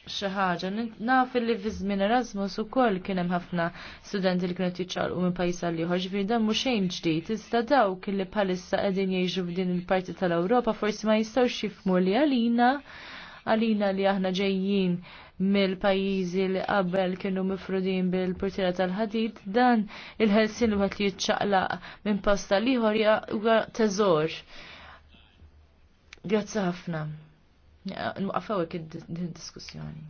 xi ħaġa. Naf li fi żmien Erasmus ukoll kien hemm ħafna studenti li kienu jiċċaqlqu minn pajjiż għal ieħor, ġifieri dan xejn ġdid, iżda dawk li bħalissa qegħdin jgħixu f'din il-parti tal-Ewropa forsi ma jistgħux jifhmu li għalina għalina li aħna ġejjin mill-pajjiżi li qabel kienu mifrudin bil-portira tal-ħadid, dan il-ħelsin li li jiċċaqlaq minn pasta liħor huwa teżor. Grazzi ħafna. Nwaqqafawek id-diskussjoni.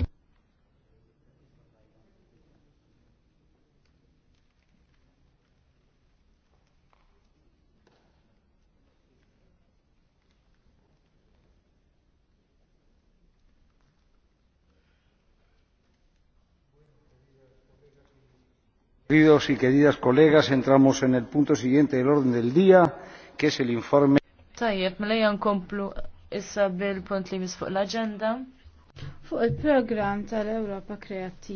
Queridos y queridas colegas, entramos en el punto siguiente del orden del día, que es el informe. Tajjeb, mela complu issa bil-punt li mis fuq l-agenda. Fuq il-program tal-Europa Kreattiva.